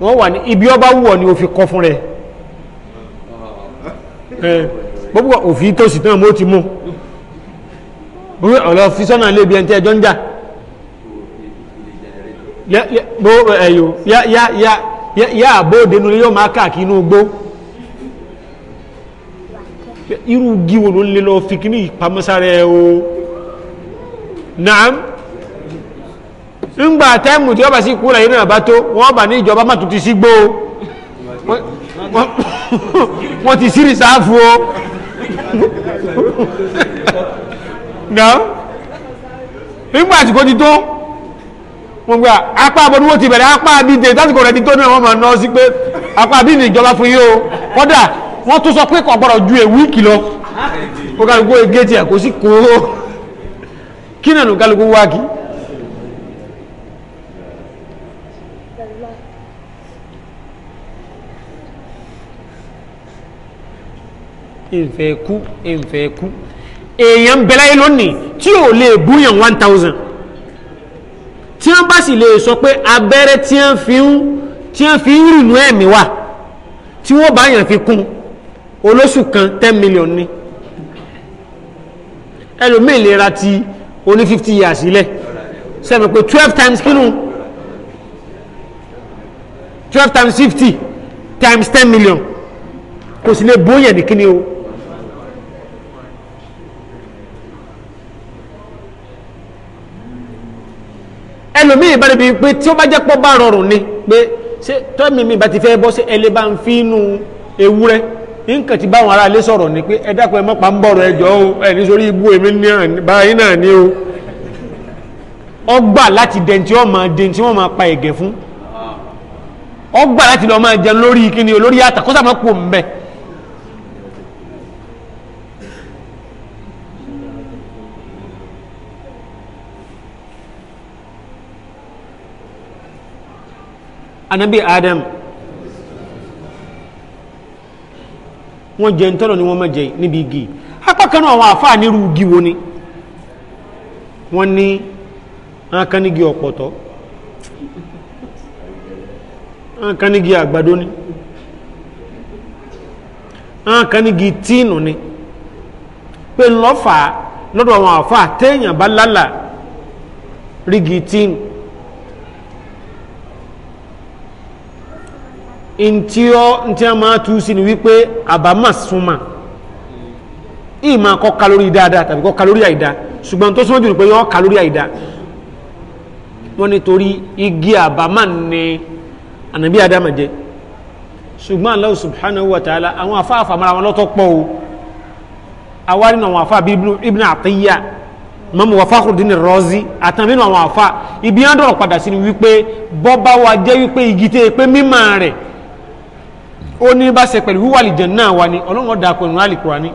wọ́n wà ní ibi ọba wùọ̀ ni o fi kọ́ fún rẹ̀ gbogbo òfin tó sì náà mọ́ ti mú ọ̀lọ́ fi sọ́nà lébi ẹni tí ẹjọ́ ń jà yá àbó òdenú yóò máa káàkiri inú gbó irú gíwò ló lè lọ fi kíní ìpamọ́sára ẹ o naam ńgbà tẹ́mù tí wọ́n bá sí kú lẹ́yìn náà bá tó wọ́n bá ní ìjọba má tún ti sí gbó wọ́n ti sí rìsáàfù o naam ńgbà tí kò ti tó wọ́n gba apá abọ́dúnwó ti bẹ̀rẹ̀ apá abídé tásìkò rẹ̀ ti tó náà wọ́n máa ná sí pé apá abídé ìjọba fún yí o kọ́dà wọ́n tún sọ pé kò gbọ́dọ̀ ju èwíìkì lọ kó kálukú ege tiẹ̀ kó sì kó kí nànú kálukú wá kí. ìfẹ́ kú ìfẹ́ kú èèyàn bẹ̀rẹ̀ yìí lónìí tí ò lè búyàn one thousand tí wọ́n bá sì lè sọ pé abẹ́rẹ́ tí wọ́n fi ń rìnnú ẹ̀mí wà tí wọ́n bá yàn fi kún un olóṣù kan ten million ni ẹlòmíì lè ra ti oní fifty years ilẹ̀ sẹ́mi pé twelve times kínú twelve times fifty times ten million kò sì lè bóyá ní kíni o. ẹlòmíì ìbára bíi pé tí ó bá jẹ́ pọ́ bá rọrùn ni pé ṣé tọ́mì mi bá ti fẹ́ bọ́ sí ẹlẹ́bàá ń ewúrẹ́ nǹkan ti báwọn aráalé sọ̀rọ̀ ni pé ẹ dákun ẹ má pa ń bọ̀rọ̀ ẹjọ́ o ẹ nítorí ibú èmi ní báyìí náà ni o ọgbà láti dẹ̀ tí wọ́n máa dẹ̀ tí wọ́n máa pa ẹ̀gẹ̀ fún ọgbà láti lọ máa jẹun lórí kíni olórí àtàkọ́sà máa kú mbẹ́ anabi adam wọ́n jẹ ntọ́nà ni wọ́n má jẹ níbi igi apá kan náà àwọn àfáà nírú igi wo ni wọ́n ní akanigi ọ̀pọ̀tọ́ akanigi àgbàdo ni akanigi tíìnù ni pé ńlọ́fà lọ́dọ̀ àwọn àfáà téèyàn bá lálà rígi tíìnù ntí ọ ntí a máa tú sí ni wípé àbámà súnmà ìyí máa kọ́ kalórí dáadáa tàbí kọ́ kalórí àìdá ṣùgbọ́n tó súnmọ́ jù ní yọ igi ni ànàbí àdámà jẹ ṣùgbọ́n Allah subhanahu wa ta'ala àwọn afáàfà mara wọn lọ́tọ́ pọ̀ o awárí náà àwọn afáà bíi Ibn Atiyya mọ́mú wa Fakhruddin Razi àtàwọn mìíràn àwọn afa ibi yẹn dọ̀rọ̀ padà sí ni wípé wa jẹ́ wípé igi tẹ́ pé mímọ́ rẹ̀ ó ní bá ṣe pẹ̀lú wíwà lìjẹ̀ náà wà ní ọlọ́run ọ̀dà pẹ̀lú àlìkùrà ní.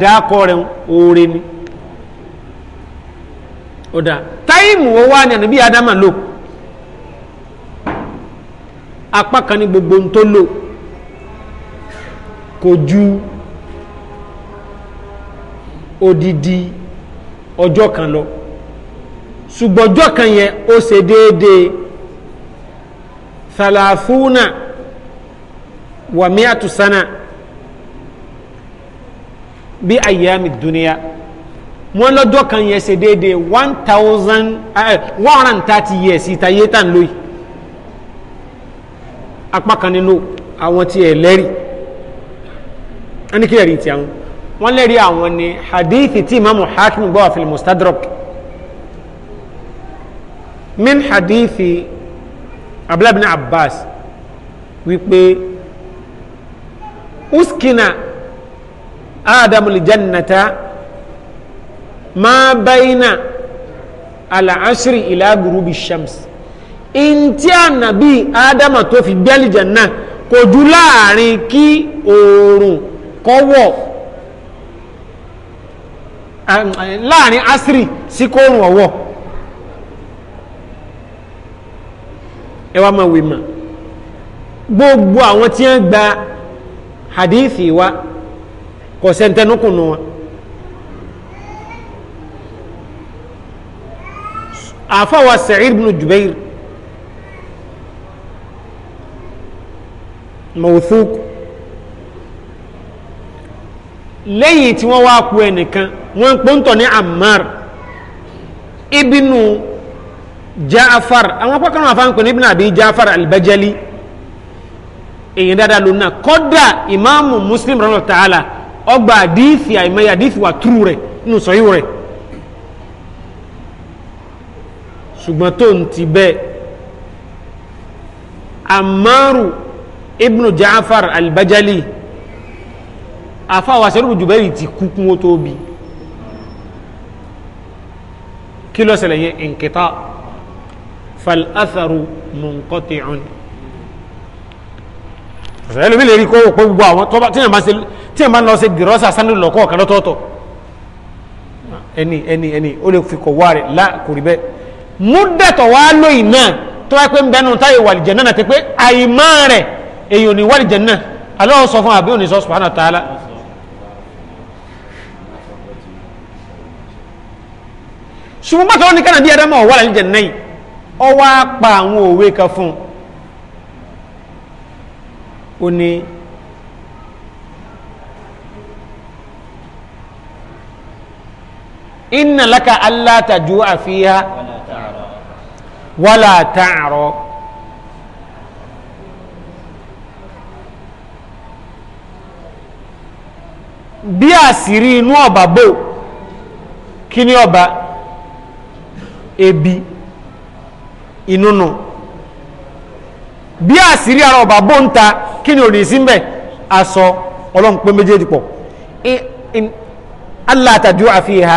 rẹ̀ oore ni ọ̀dà táìmù wo wá ní ànábì ádámà lò apá kan gbogbo ohun tó lò kò ju odidi ọjọ́ kan lọ. ṣùgbọ́jọ́ kan yẹn ó ṣe déédéé thalathuna wa mi'atu sana bí ayyami duniya wọ́n lọ́jọ́ kan yẹn ṣe déédéé one thousand eh, one hundred and thirty years ìtayé tàn lóyìí apá kan nínú àwọn tí ẹ lẹ́rìí ẹni kí lẹ́rìí tí àwọn wọ́n lẹ́rìí àwọn ni hadithi tí imaamu hakim gbọ́ àfihàn mustadrak min hadithi abdullahi bin abbas wípé uskina adamul jannata ma bayna al'ashri ila gurubi shams in tí ànàbí adama tó fi gbẹ́lì janna kò jù láàrin kí oòrùn kọ́wọ̀ láàrin asiri sí kóòrùn ọ̀wọ̀ ẹ wá máa wè mà gbogbo àwọn tí wọ́n gba hadithi wa kò sẹ́ńtẹ́nukùnú wọn. àfọwọ́ Sa'id ibn Jubair mawthuk lẹ́yìn tí wọ́n wá ku ẹnìkan wọ́n ń pọ́ńtọ̀ ní Amar, ibinu jaafar àwọn apákan náà afáǹpẹ̀ ní ibn abi jaafar albajali èyàn dáadáa ló náà kọ́dà ìmáàmù muslim rahmanu ta'ala ọgbà àdífì àìmọye àdífì wà túrú rẹ̀ nínú sọ́yìn rẹ̀ ṣùgbọ́n tó ń ti bẹ́ẹ̀ amaru ibn jaafar albajali afáwàṣẹ́ rúbù jùbẹ́rì ti kú kún tóbi kí ló ṣẹlẹ̀ yẹn nkìtá fal'atharu munqati'un ẹlòmí lè rí kó o pé gbogbo àwọn tọ́ba tí yẹn máa lọ sí dìrọ́sà sanu lọ́kọ́ ọ̀kan lọ́tọ̀ọ̀tọ̀ ẹni ẹni ẹni ó lè fi kọ̀ wá rẹ̀ lá kò rí bẹ́ẹ̀ múdàtọ̀ wá lóyìn náà tó wá pé ń bẹnu táyé wàlìjẹ̀ náà ti pé àìmá rẹ̀ èyàn ní wàlìjẹ̀ náà alọ́ sọ fún àbí òní sọ subhanahu ta'ala ṣùgbọ́n bàtà ó ní kánà bí ẹ̀dá máa wà jẹ̀ náà yìí ọ wá pa àwọn òwe kan fún ó ní inna laka alla tajua fiha wala ta'ra bí àsìrí inú ọba bò kí ni ọba ebi inúnu bí àṣírí ara ọba bó ń ta kí ni òní síbẹ̀ aṣọ ọlọ́run pé méjèèjì pọ̀ alátàdú àfihà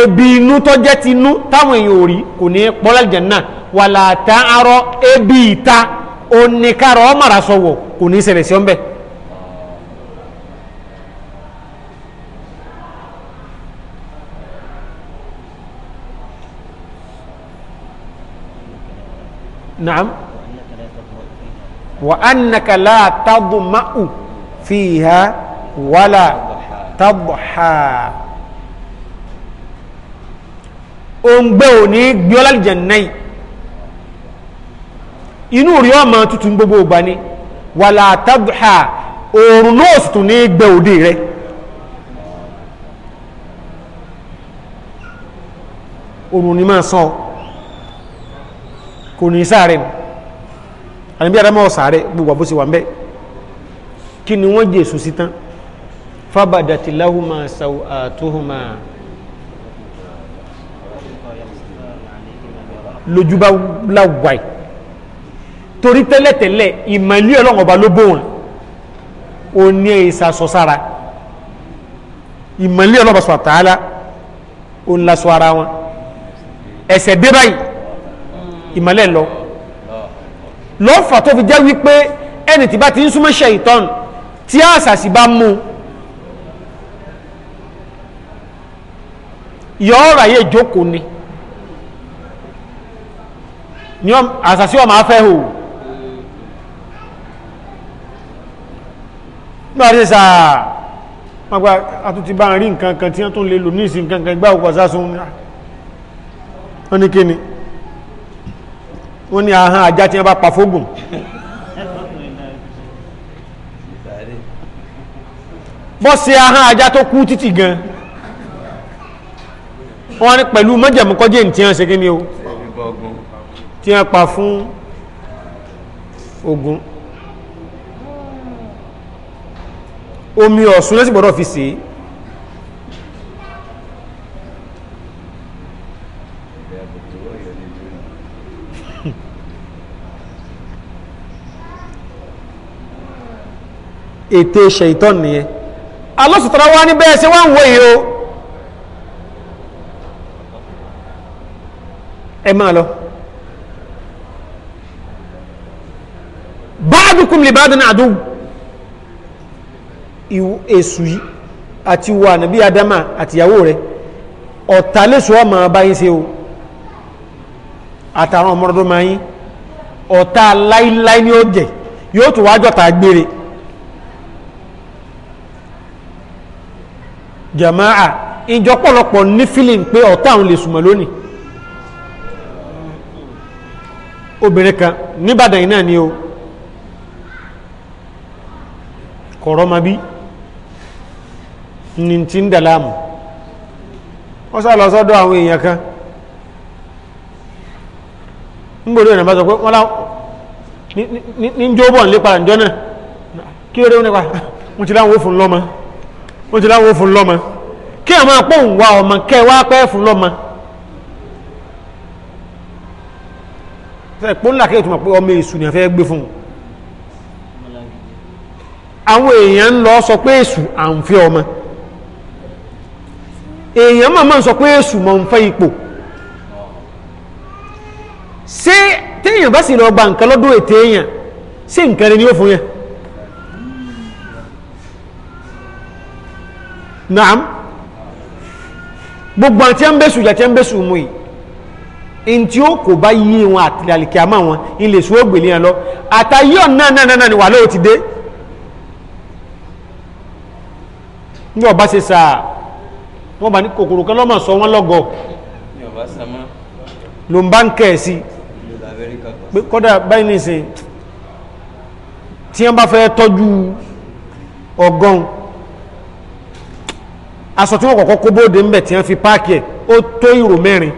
ebi inú tó jẹ́ ti inú táwọn èèyàn ò rí kò ní pọ́lẹ́jẹ̀ náà wà látàárọ̀ ebi ìta oníkàrọ̀ ọmọ àràsọ̀wọ̀ kò ní ṣẹlẹ̀ sí ọ́n نعم وأنك لا تضمأ فيها ولا تضحى òǹgbẹ ò ní gbé ọ lálìjẹ̀ náà inú rí ọmọ tuntun gbogbo ògbà ni wàlà tàbíhà oòrùn náà sì tún ní gbẹ òde rẹ oòrùn ni máa sàn ọ́ kò ní sáré nù àníbí àdámọ́ sáré gbogbo àbúsí wà ń bẹ́ kí ni wọ́n jésù sí tán fábàdàtì láhùmá sàwàtúhùmá lójúbá láwàì torí tẹ́lẹ̀tẹ́lẹ̀ ìmọ̀lẹ́ ọlọ́run ọba ló bó wọn ò ní ìsàsọ sára ìmọ̀lẹ́ ọlọ́run ọba sọ̀tàálá ò ń lasọ ara wọn ẹ̀sẹ̀ dé báyìí ìmọ̀lẹ̀ lọ lọ́fà tó fi jẹ́ wípé ẹni tí bá ti ń súnmọ́ ṣẹ̀tọ́n tí àṣàṣì bá mú yọ́ ráyè jókòó ni ni àṣàṣì ọmọ afẹ́ hù gbáre sáà magba àtúntí bá ń rí nǹkan kan tí wọ́n tún lè lò ní ìsìn nǹkan kan gbá òkú wọn ni kí ni wọ́n ní ahọ́n ajá tí wọ́n bá pa fógùn bọ́ sí ahọ́n ajá tó kú títì gan wọ́n ní pẹ̀lú mọ́jẹ̀mọ́kọ́jẹ́ tí wọ́n ṣe kí ni o tí wọ́n pa fún ogun omi ọ̀sùn lẹ́sìn gbọ́dọ̀ fi sèé ète ṣèitán nìyẹn alọ́sùtara wá ní bẹ́ẹ̀ sí wọ́n ń wo yìí o ẹ máa lọ báàdùkùn lè báàdùn àdúgbò èsù yìí àti wà nàbí adama àtìyàwó rẹ̀ ọ̀tà lẹ́sù ọmọ báyìí ṣe o àtàwọn ọmọdún máa yín ọ̀tà láíláí ni ó jẹ yóò tún wájọ́ta gbére jama'a ìjọ pọlọpọ ní feeling pé ọ̀tá àwọn lè sùnmọ̀ lónìí obìnrin kan níbàdàn iná ni o kọ̀rọ̀ ma bí ní ti ń dàlámù wọ́n sá lọ sọ́dọ̀ àwọn èèyàn kan ń gbòdó ìrìnàmọ́ sọ pé wọ́n lá ní nípa ìjọ náà kí ló dé wọn nípa wọ́n ti ó ti láwọ́ fún lọ́mọ kí àwọn àpò ń wa ọmọ kẹwàá pẹ́ fún lọ́mọ fẹ́ pọ́n làkẹ́ ìtumọ̀ pé ọmọ èṣù ni a fẹ́ gbé fún àwọn èèyàn ń lọ sọ pé èṣù à ń fẹ́ ọmọ èèyàn máa ń sọ pé èṣù mọ̀ ń fẹ́ ipò ṣé téèyàn bá sì lọ gba nǹkan lọ́dún ètè èèyàn ṣé nǹkan ni ó fún yẹn naam gbogbo àti ẹ̀ ń bẹ̀sù ìjà tí ẹ̀ ń bẹ̀sù mú yìí ntí ó kò bá yí wọn àtìlàlìkì àmà wọn ilé sùn ó gbèlè yẹn lọ àtàyọ náà náà náà ni wà lóò ti dé ní ọba ṣe sà wọn bá ní kòkòrò kan lọ́mọ sọ wọn lọ́gọ ló ń bá ń kẹ̀ sí pé kọ́dà báyìí nìsín tí wọ́n bá fẹ́ tọ́jú ọgọ́n aṣọ tí wọ́n kọ́kọ́ kó bóde ńbẹ̀ tí wọ́n fi páàkì ẹ̀ ó tó ìrò mẹ́rin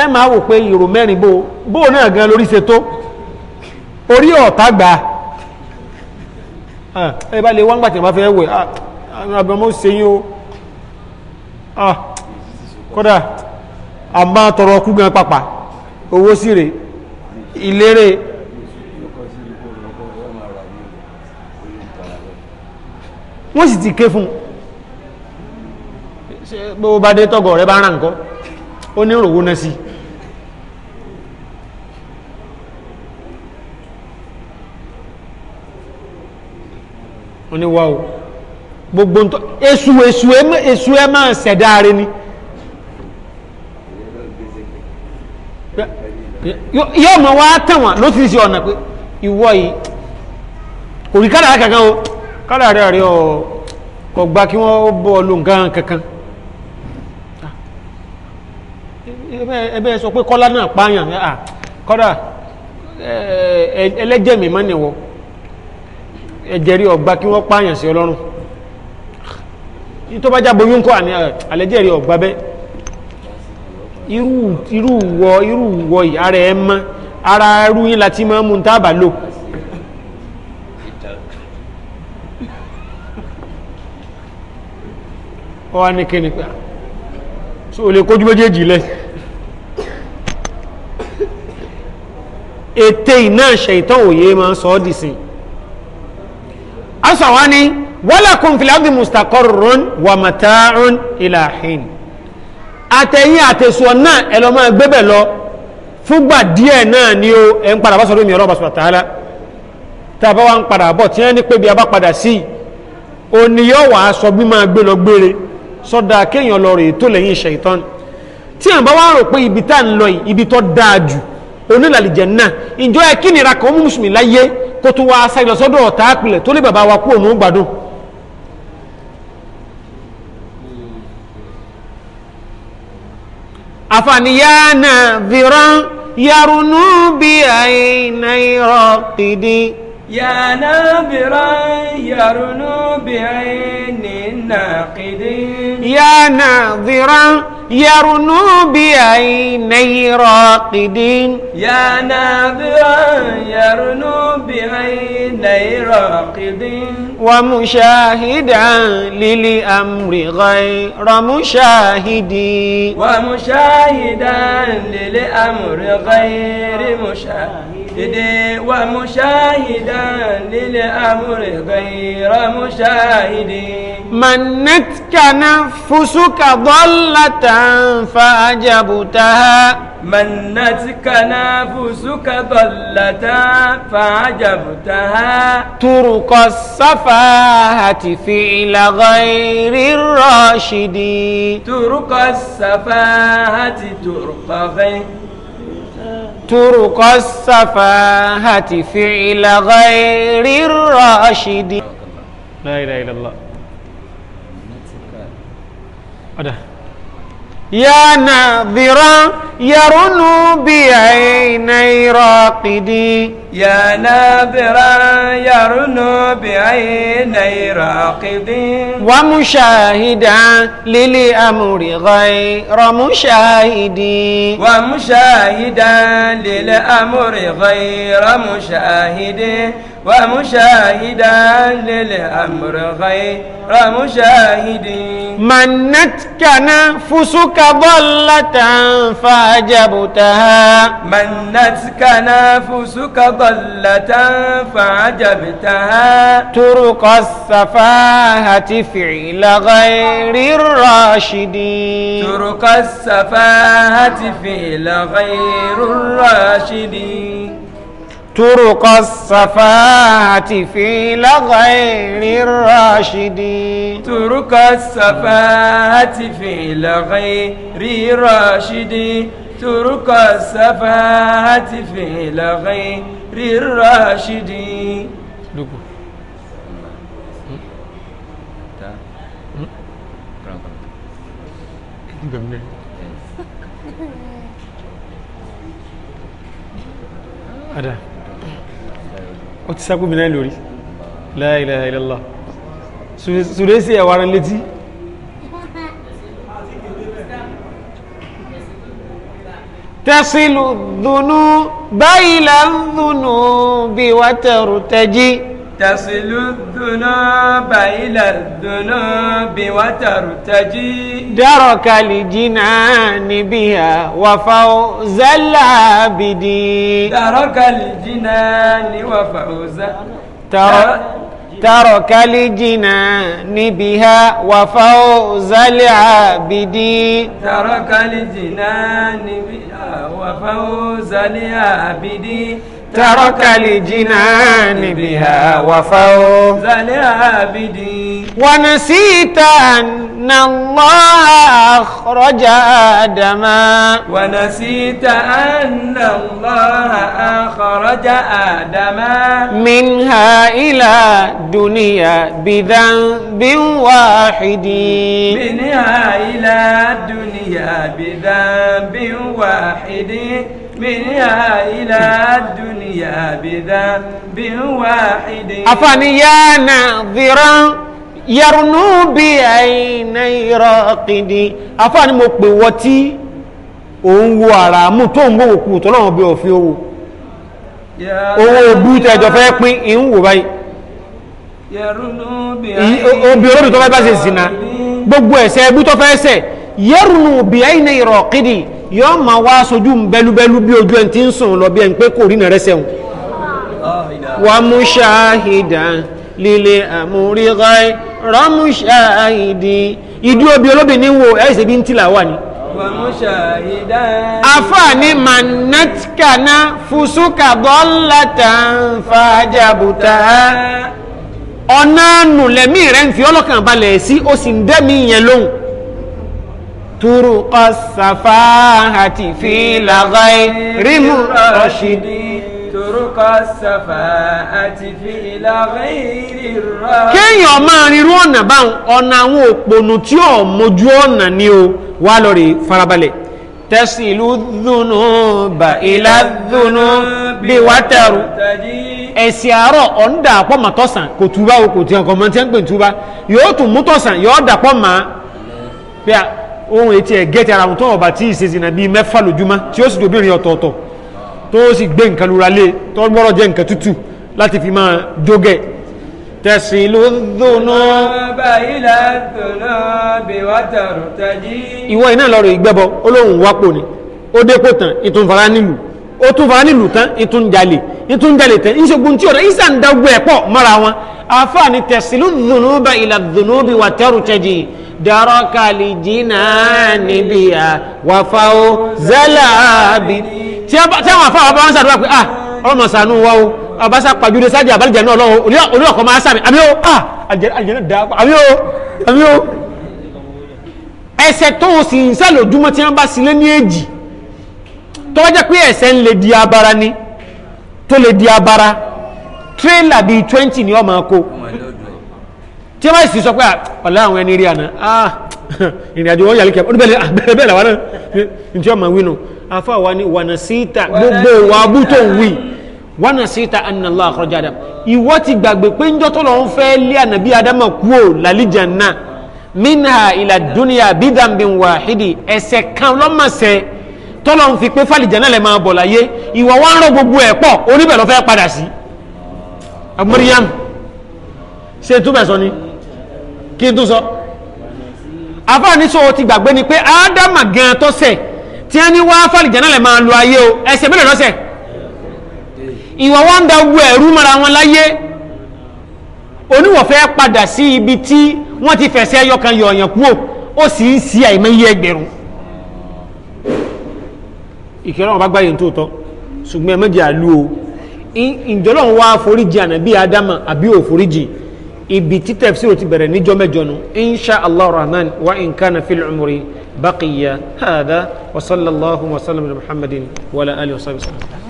ẹ máa wò pé ìrò mẹ́rin bó bó náà gan lórí ṣe tó orí ọ̀tá gbà ah, ẹ bá lè wọ́n gbà tí wọ́n bá fẹ́ wẹ̀ ah, àwọn abẹ́mọ́ ṣe yín o ah, kódà a máa tọrọ ọkú gan pàpà owó sí rè ìlérè wọ́n sì ti ké fún un bó bá dé tọ́gọ̀ rẹ bá ràn kọ́ ó ní ìròwó náà sí ó ní wá o gbogbo ntọ́ èsù èsù èsù ẹ máa ṣẹ̀dá rẹ ni yóò mọ̀ wá tàn wọ́n ló ti ṣe ọ̀nà pé ìwọ yìí kò rí kádàrá kankan o kádàrá rẹ ọ̀ kọ̀ gba kí wọ́n bọ̀ lò nǹkan kankan. ẹbẹ́ sọ pé kọ́lá náà pààyàn ah, kọ́dà ẹlẹ́jẹ̀ mi mọ́ nìwọ ẹ̀jẹ̀ rí ọgbà kí wọ́n pààyàn sí ọlọ́run tó bá jábọ̀ yún kọ́ àní ah, àlẹ́jẹ̀ rí ọgbà bẹ́ irú wọ irú wọ yìí ara ẹ mọ́ ara irú yín láti máa mú tábà lò ọ wá ní kíni pé so ah, ò lè kójú méjèèjì lẹ́yìn ète iná ṣèyítọ́ òye máa sọ ọ́ dì sí asàwa ni walakum fil ardi mustaqarrun wa mata'un ila hin àtẹ̀yìn àtẹ̀sùn náà ẹ lọ máa gbébẹ̀ lọ fúgbà díẹ̀ náà ni ó ẹ̀ ń padà bá sọ́dọ̀ mi ọlọ́ba sọ̀rọ̀ tààlà tá a bá wá ń padà bọ̀ tí wọ́n ní pé bí a bá padà sí i òní yóò wá sọ bí máa gbé lọ gbére sọ́dà kéèyàn lọ rèé tó lẹ́yìn ṣèyítọ́n tí àwọn bá rò pé ibi tá ń lọ yìí ibi tó dáa jù onílàlìjẹ náà ìjọ ẹ kí nira kan mú mùsùlùmí láyé kó tó wá sáré lọ́sọ́dọ̀ ọ̀tá àpilẹ̀ tó lé bàbá wa kú òun gbádùn. àfàníyàna viran yarunu bí àìnà ìrọ̀kìdí. يا نابرا يرنو بعين الناقد يا ناظرا يرنو بعيني راقد يا ناظرا يرنو بعيني راقد ومشاهدا للأمر غير مشاهد ومشاهدا للأمر غير مشاهد dìde wà mùsáhìdá nílẹ̀ amúrẹ̀ gbẹ̀yìrọ̀ mùsáhìdì. mànẹ́tìkà náà fúsùkà dọ́làtà ń fa ajabuta. mànẹ́tìkà náà fúsùkà dọ́làtà ń fa ajabuta. turukọ sáfà àti fi ìlàgọ́ ìrírọ̀ turukọ sáfà àti turukọ fẹ́. ترك السفاهة فعل غير الراشد لا إله إلا الله أده يا ناظرا يرنو بعيني راقدي يا ناظرا يرنو بعيني راقدي ومشاهدا للأمر غير مشاهدي ومشاهدا للأمر غير مشاهدي ومشاهدا للأمر غير مشاهدي منتك نفسك منتك ضلة فعجبتها منتك نافسك ضلة فعجبتها ترك السفاهة فعل غير الراشدين ترك السفاهة فعل غير الراشدين طرق الصفات في لغير الراشدين طرق الصفات في لغير الراشدين طرق الصفات في لغير الراشدين Bener. Ada ó ti sákú mi náà lórí la ilaha illallah sùrẹ́sì ẹ̀wà rẹ̀ létí tẹ́sílù dùnú báyìí là ń تصل الذنوب إلى الذنوب وترتجي درك الجنان بها وفوز العابدين درك الجنان وفوز ترك ترك الجنان بها وفوز العابدين ترك الجنان بها وفوز العابدين ترك لجنان بها وفوز لعابدي ونسيت أن الله أخرج آدما ونسيت أن الله أخرج آدما منها إلى دنيا بذنب واحد منها إلى دنيا بذنب واحد منها إلى الدنيا بذنب واحد أفن يا ناظرا يرنو بعيني راقدي أفن مقبوتي òun wo àràmù tó ń gbówò kú tọ́lọ́wọ́n bí òfin owó owó òbú tẹjọ fẹ́ pín ìhún wò báyìí obì olóòdù tó fẹ́ bá ṣe zina gbogbo ẹ̀ṣẹ̀ ẹbú tó fẹ́ ṣẹ̀ yẹ́rùnù bìí ẹ̀yìn ìrọ̀kìdì yóò máa wá sojú bẹ́lúbẹ́lú bí ojú ẹ̀ ti ń sùn lọ bí ẹ̀ ń pé kò rí nà rẹ́sẹ̀ wọn. wà á mú ṣáàhìdá líle àmúrígá rámú ṣáàhìdí ìdí obì olóbìnrin wo ẹ̀ ṣe bí ń tìlà wà ní. wà á mú manatikana fusuka bọ́látà fàjàbùtà ọ̀nà nùlẹ̀mí rẹ̀ ń fi ọlọ́kàn balẹ̀ sí ó sì ń dẹ́mi yẹn lóhùn. طرق السفاهة في لغير مرشد طرق السفاهة في لغير الراشد kéèyàn máa rirú ọ̀nà báwọn ọ̀nà àwọn òpònú tí ò mójú ọ̀nà ni o wá lọ rí farabalẹ̀ tẹ̀sílù dùnú bá ilá dùnú bí wá tẹ̀rù ẹ̀sìn àárọ̀ ọ̀ndà àpọ̀ màtọ́sàn kò túbá o kò tí ọkọ̀ mọ́tí ẹ̀ ń pè túbá yóò tún mú tọ̀sàn yóò dàpọ̀ màá ohun etí ẹ̀ gẹ́tì ara tó ọba tí ìṣe ìsìnà bíi mẹ́fà lójúmọ́ tí ó sì dòbìnrin ọ̀tọ̀ọ̀tọ̀ tó sì gbé nǹkan lura lé tó gbọ́rọ̀ jẹ́ nǹkan tútù láti fi máa jógẹ̀ tẹ̀sí ló dùnú. ìwọ iná lọ rè gbẹ́bọ olóhùn wápò ni ó dé kó tán ìtúnfara nílùú ó túnfara nílùú tán ìtúnjalè ìtúnjalè tán ìṣègùn tí ọ̀rẹ́ ìsàǹdàgbọ̀ ẹ̀pọ̀ mọ́ra wọn àfáà ni tẹ̀sí ló dùnú bá ìlà dùnú bí wà tẹ́rù tẹ́jì yìí darakali jina nibiya wafawo zalabi tí àwọn afáwọn bá wọn sàdúrà pé ah ọlọmọ sànú wa o abasa pàjùdé sájà àbálìjà náà lọ́wọ́ oní ọkọ máa sàmì àmì o ah àjẹnà dà àmì o àmì o ẹsẹ tó o sì ń sẹlẹ ojúmọ́ tí wọn bá sílé ní èjì tó wájà pé ẹsẹ ń lè di abara ni tó lè di abara tírélà bíi twenty ni ọmọ kó tí wọ́n sì sọ pé ah, ọ̀la àwọn ẹni rí àná ah, ìrìn àjò wọn yà lókè ah, bẹ́ẹ̀ bẹ́ẹ̀ làwọn náà ní tí wọ́n máa wí nù afa wa ni wàna síta gbogbo wa bú tó ń wí wàna síta anàlá àkọjá adam ìwọ ti gbàgbé pé ń jọ́tọ̀ lọ́n fẹ́ lé ànàbí adama kú ò làlíjà náà minha ila dunya bidambin wahidi ẹ̀ṣẹ̀ kan lọ́mọ̀sẹ̀ tọ́lọ́n fi pé fàlìjẹ́ náà lè máa bọ̀ láyé ìwọ wa ń rọ gbogbo ẹ̀ pọ̀ oníbẹ̀ ló fẹ́ padà sí. Mariam ṣe túbẹ̀ sọ ni kí n tún sọ àfáà ní sọ ti gbàgbé ni pé ádámà gan tọ́sẹ̀ tí a ní wá fàlìjẹ́ náà lè máa lo ayé o ẹsẹ̀ mélòó lọ́sẹ̀ ìwà wọn ń da gbogbo ẹ̀rú mara wọn láyé oníwọ̀fẹ́ padà sí ibi tí wọ́n ti fẹ̀sẹ̀ yọkan yọ̀ọ̀yàn kú ó sì ń sí àìmọye ẹgbẹ̀rún ìkẹrọ wọn bá gbáyé tó tọ́ ṣùgbọ́n ẹ̀mẹ́jì àlú o ìjọlọ́run wá foríjì ànàbí ádámà àbí òforíjì ibi tí tafsir ti bẹ̀rẹ̀ níjọ́ mẹ́jọ nu insha allah rahman wa in kana fil umri baqiya hada wa sallallahu wa sallam muhammadin wa ala alihi wa sallam.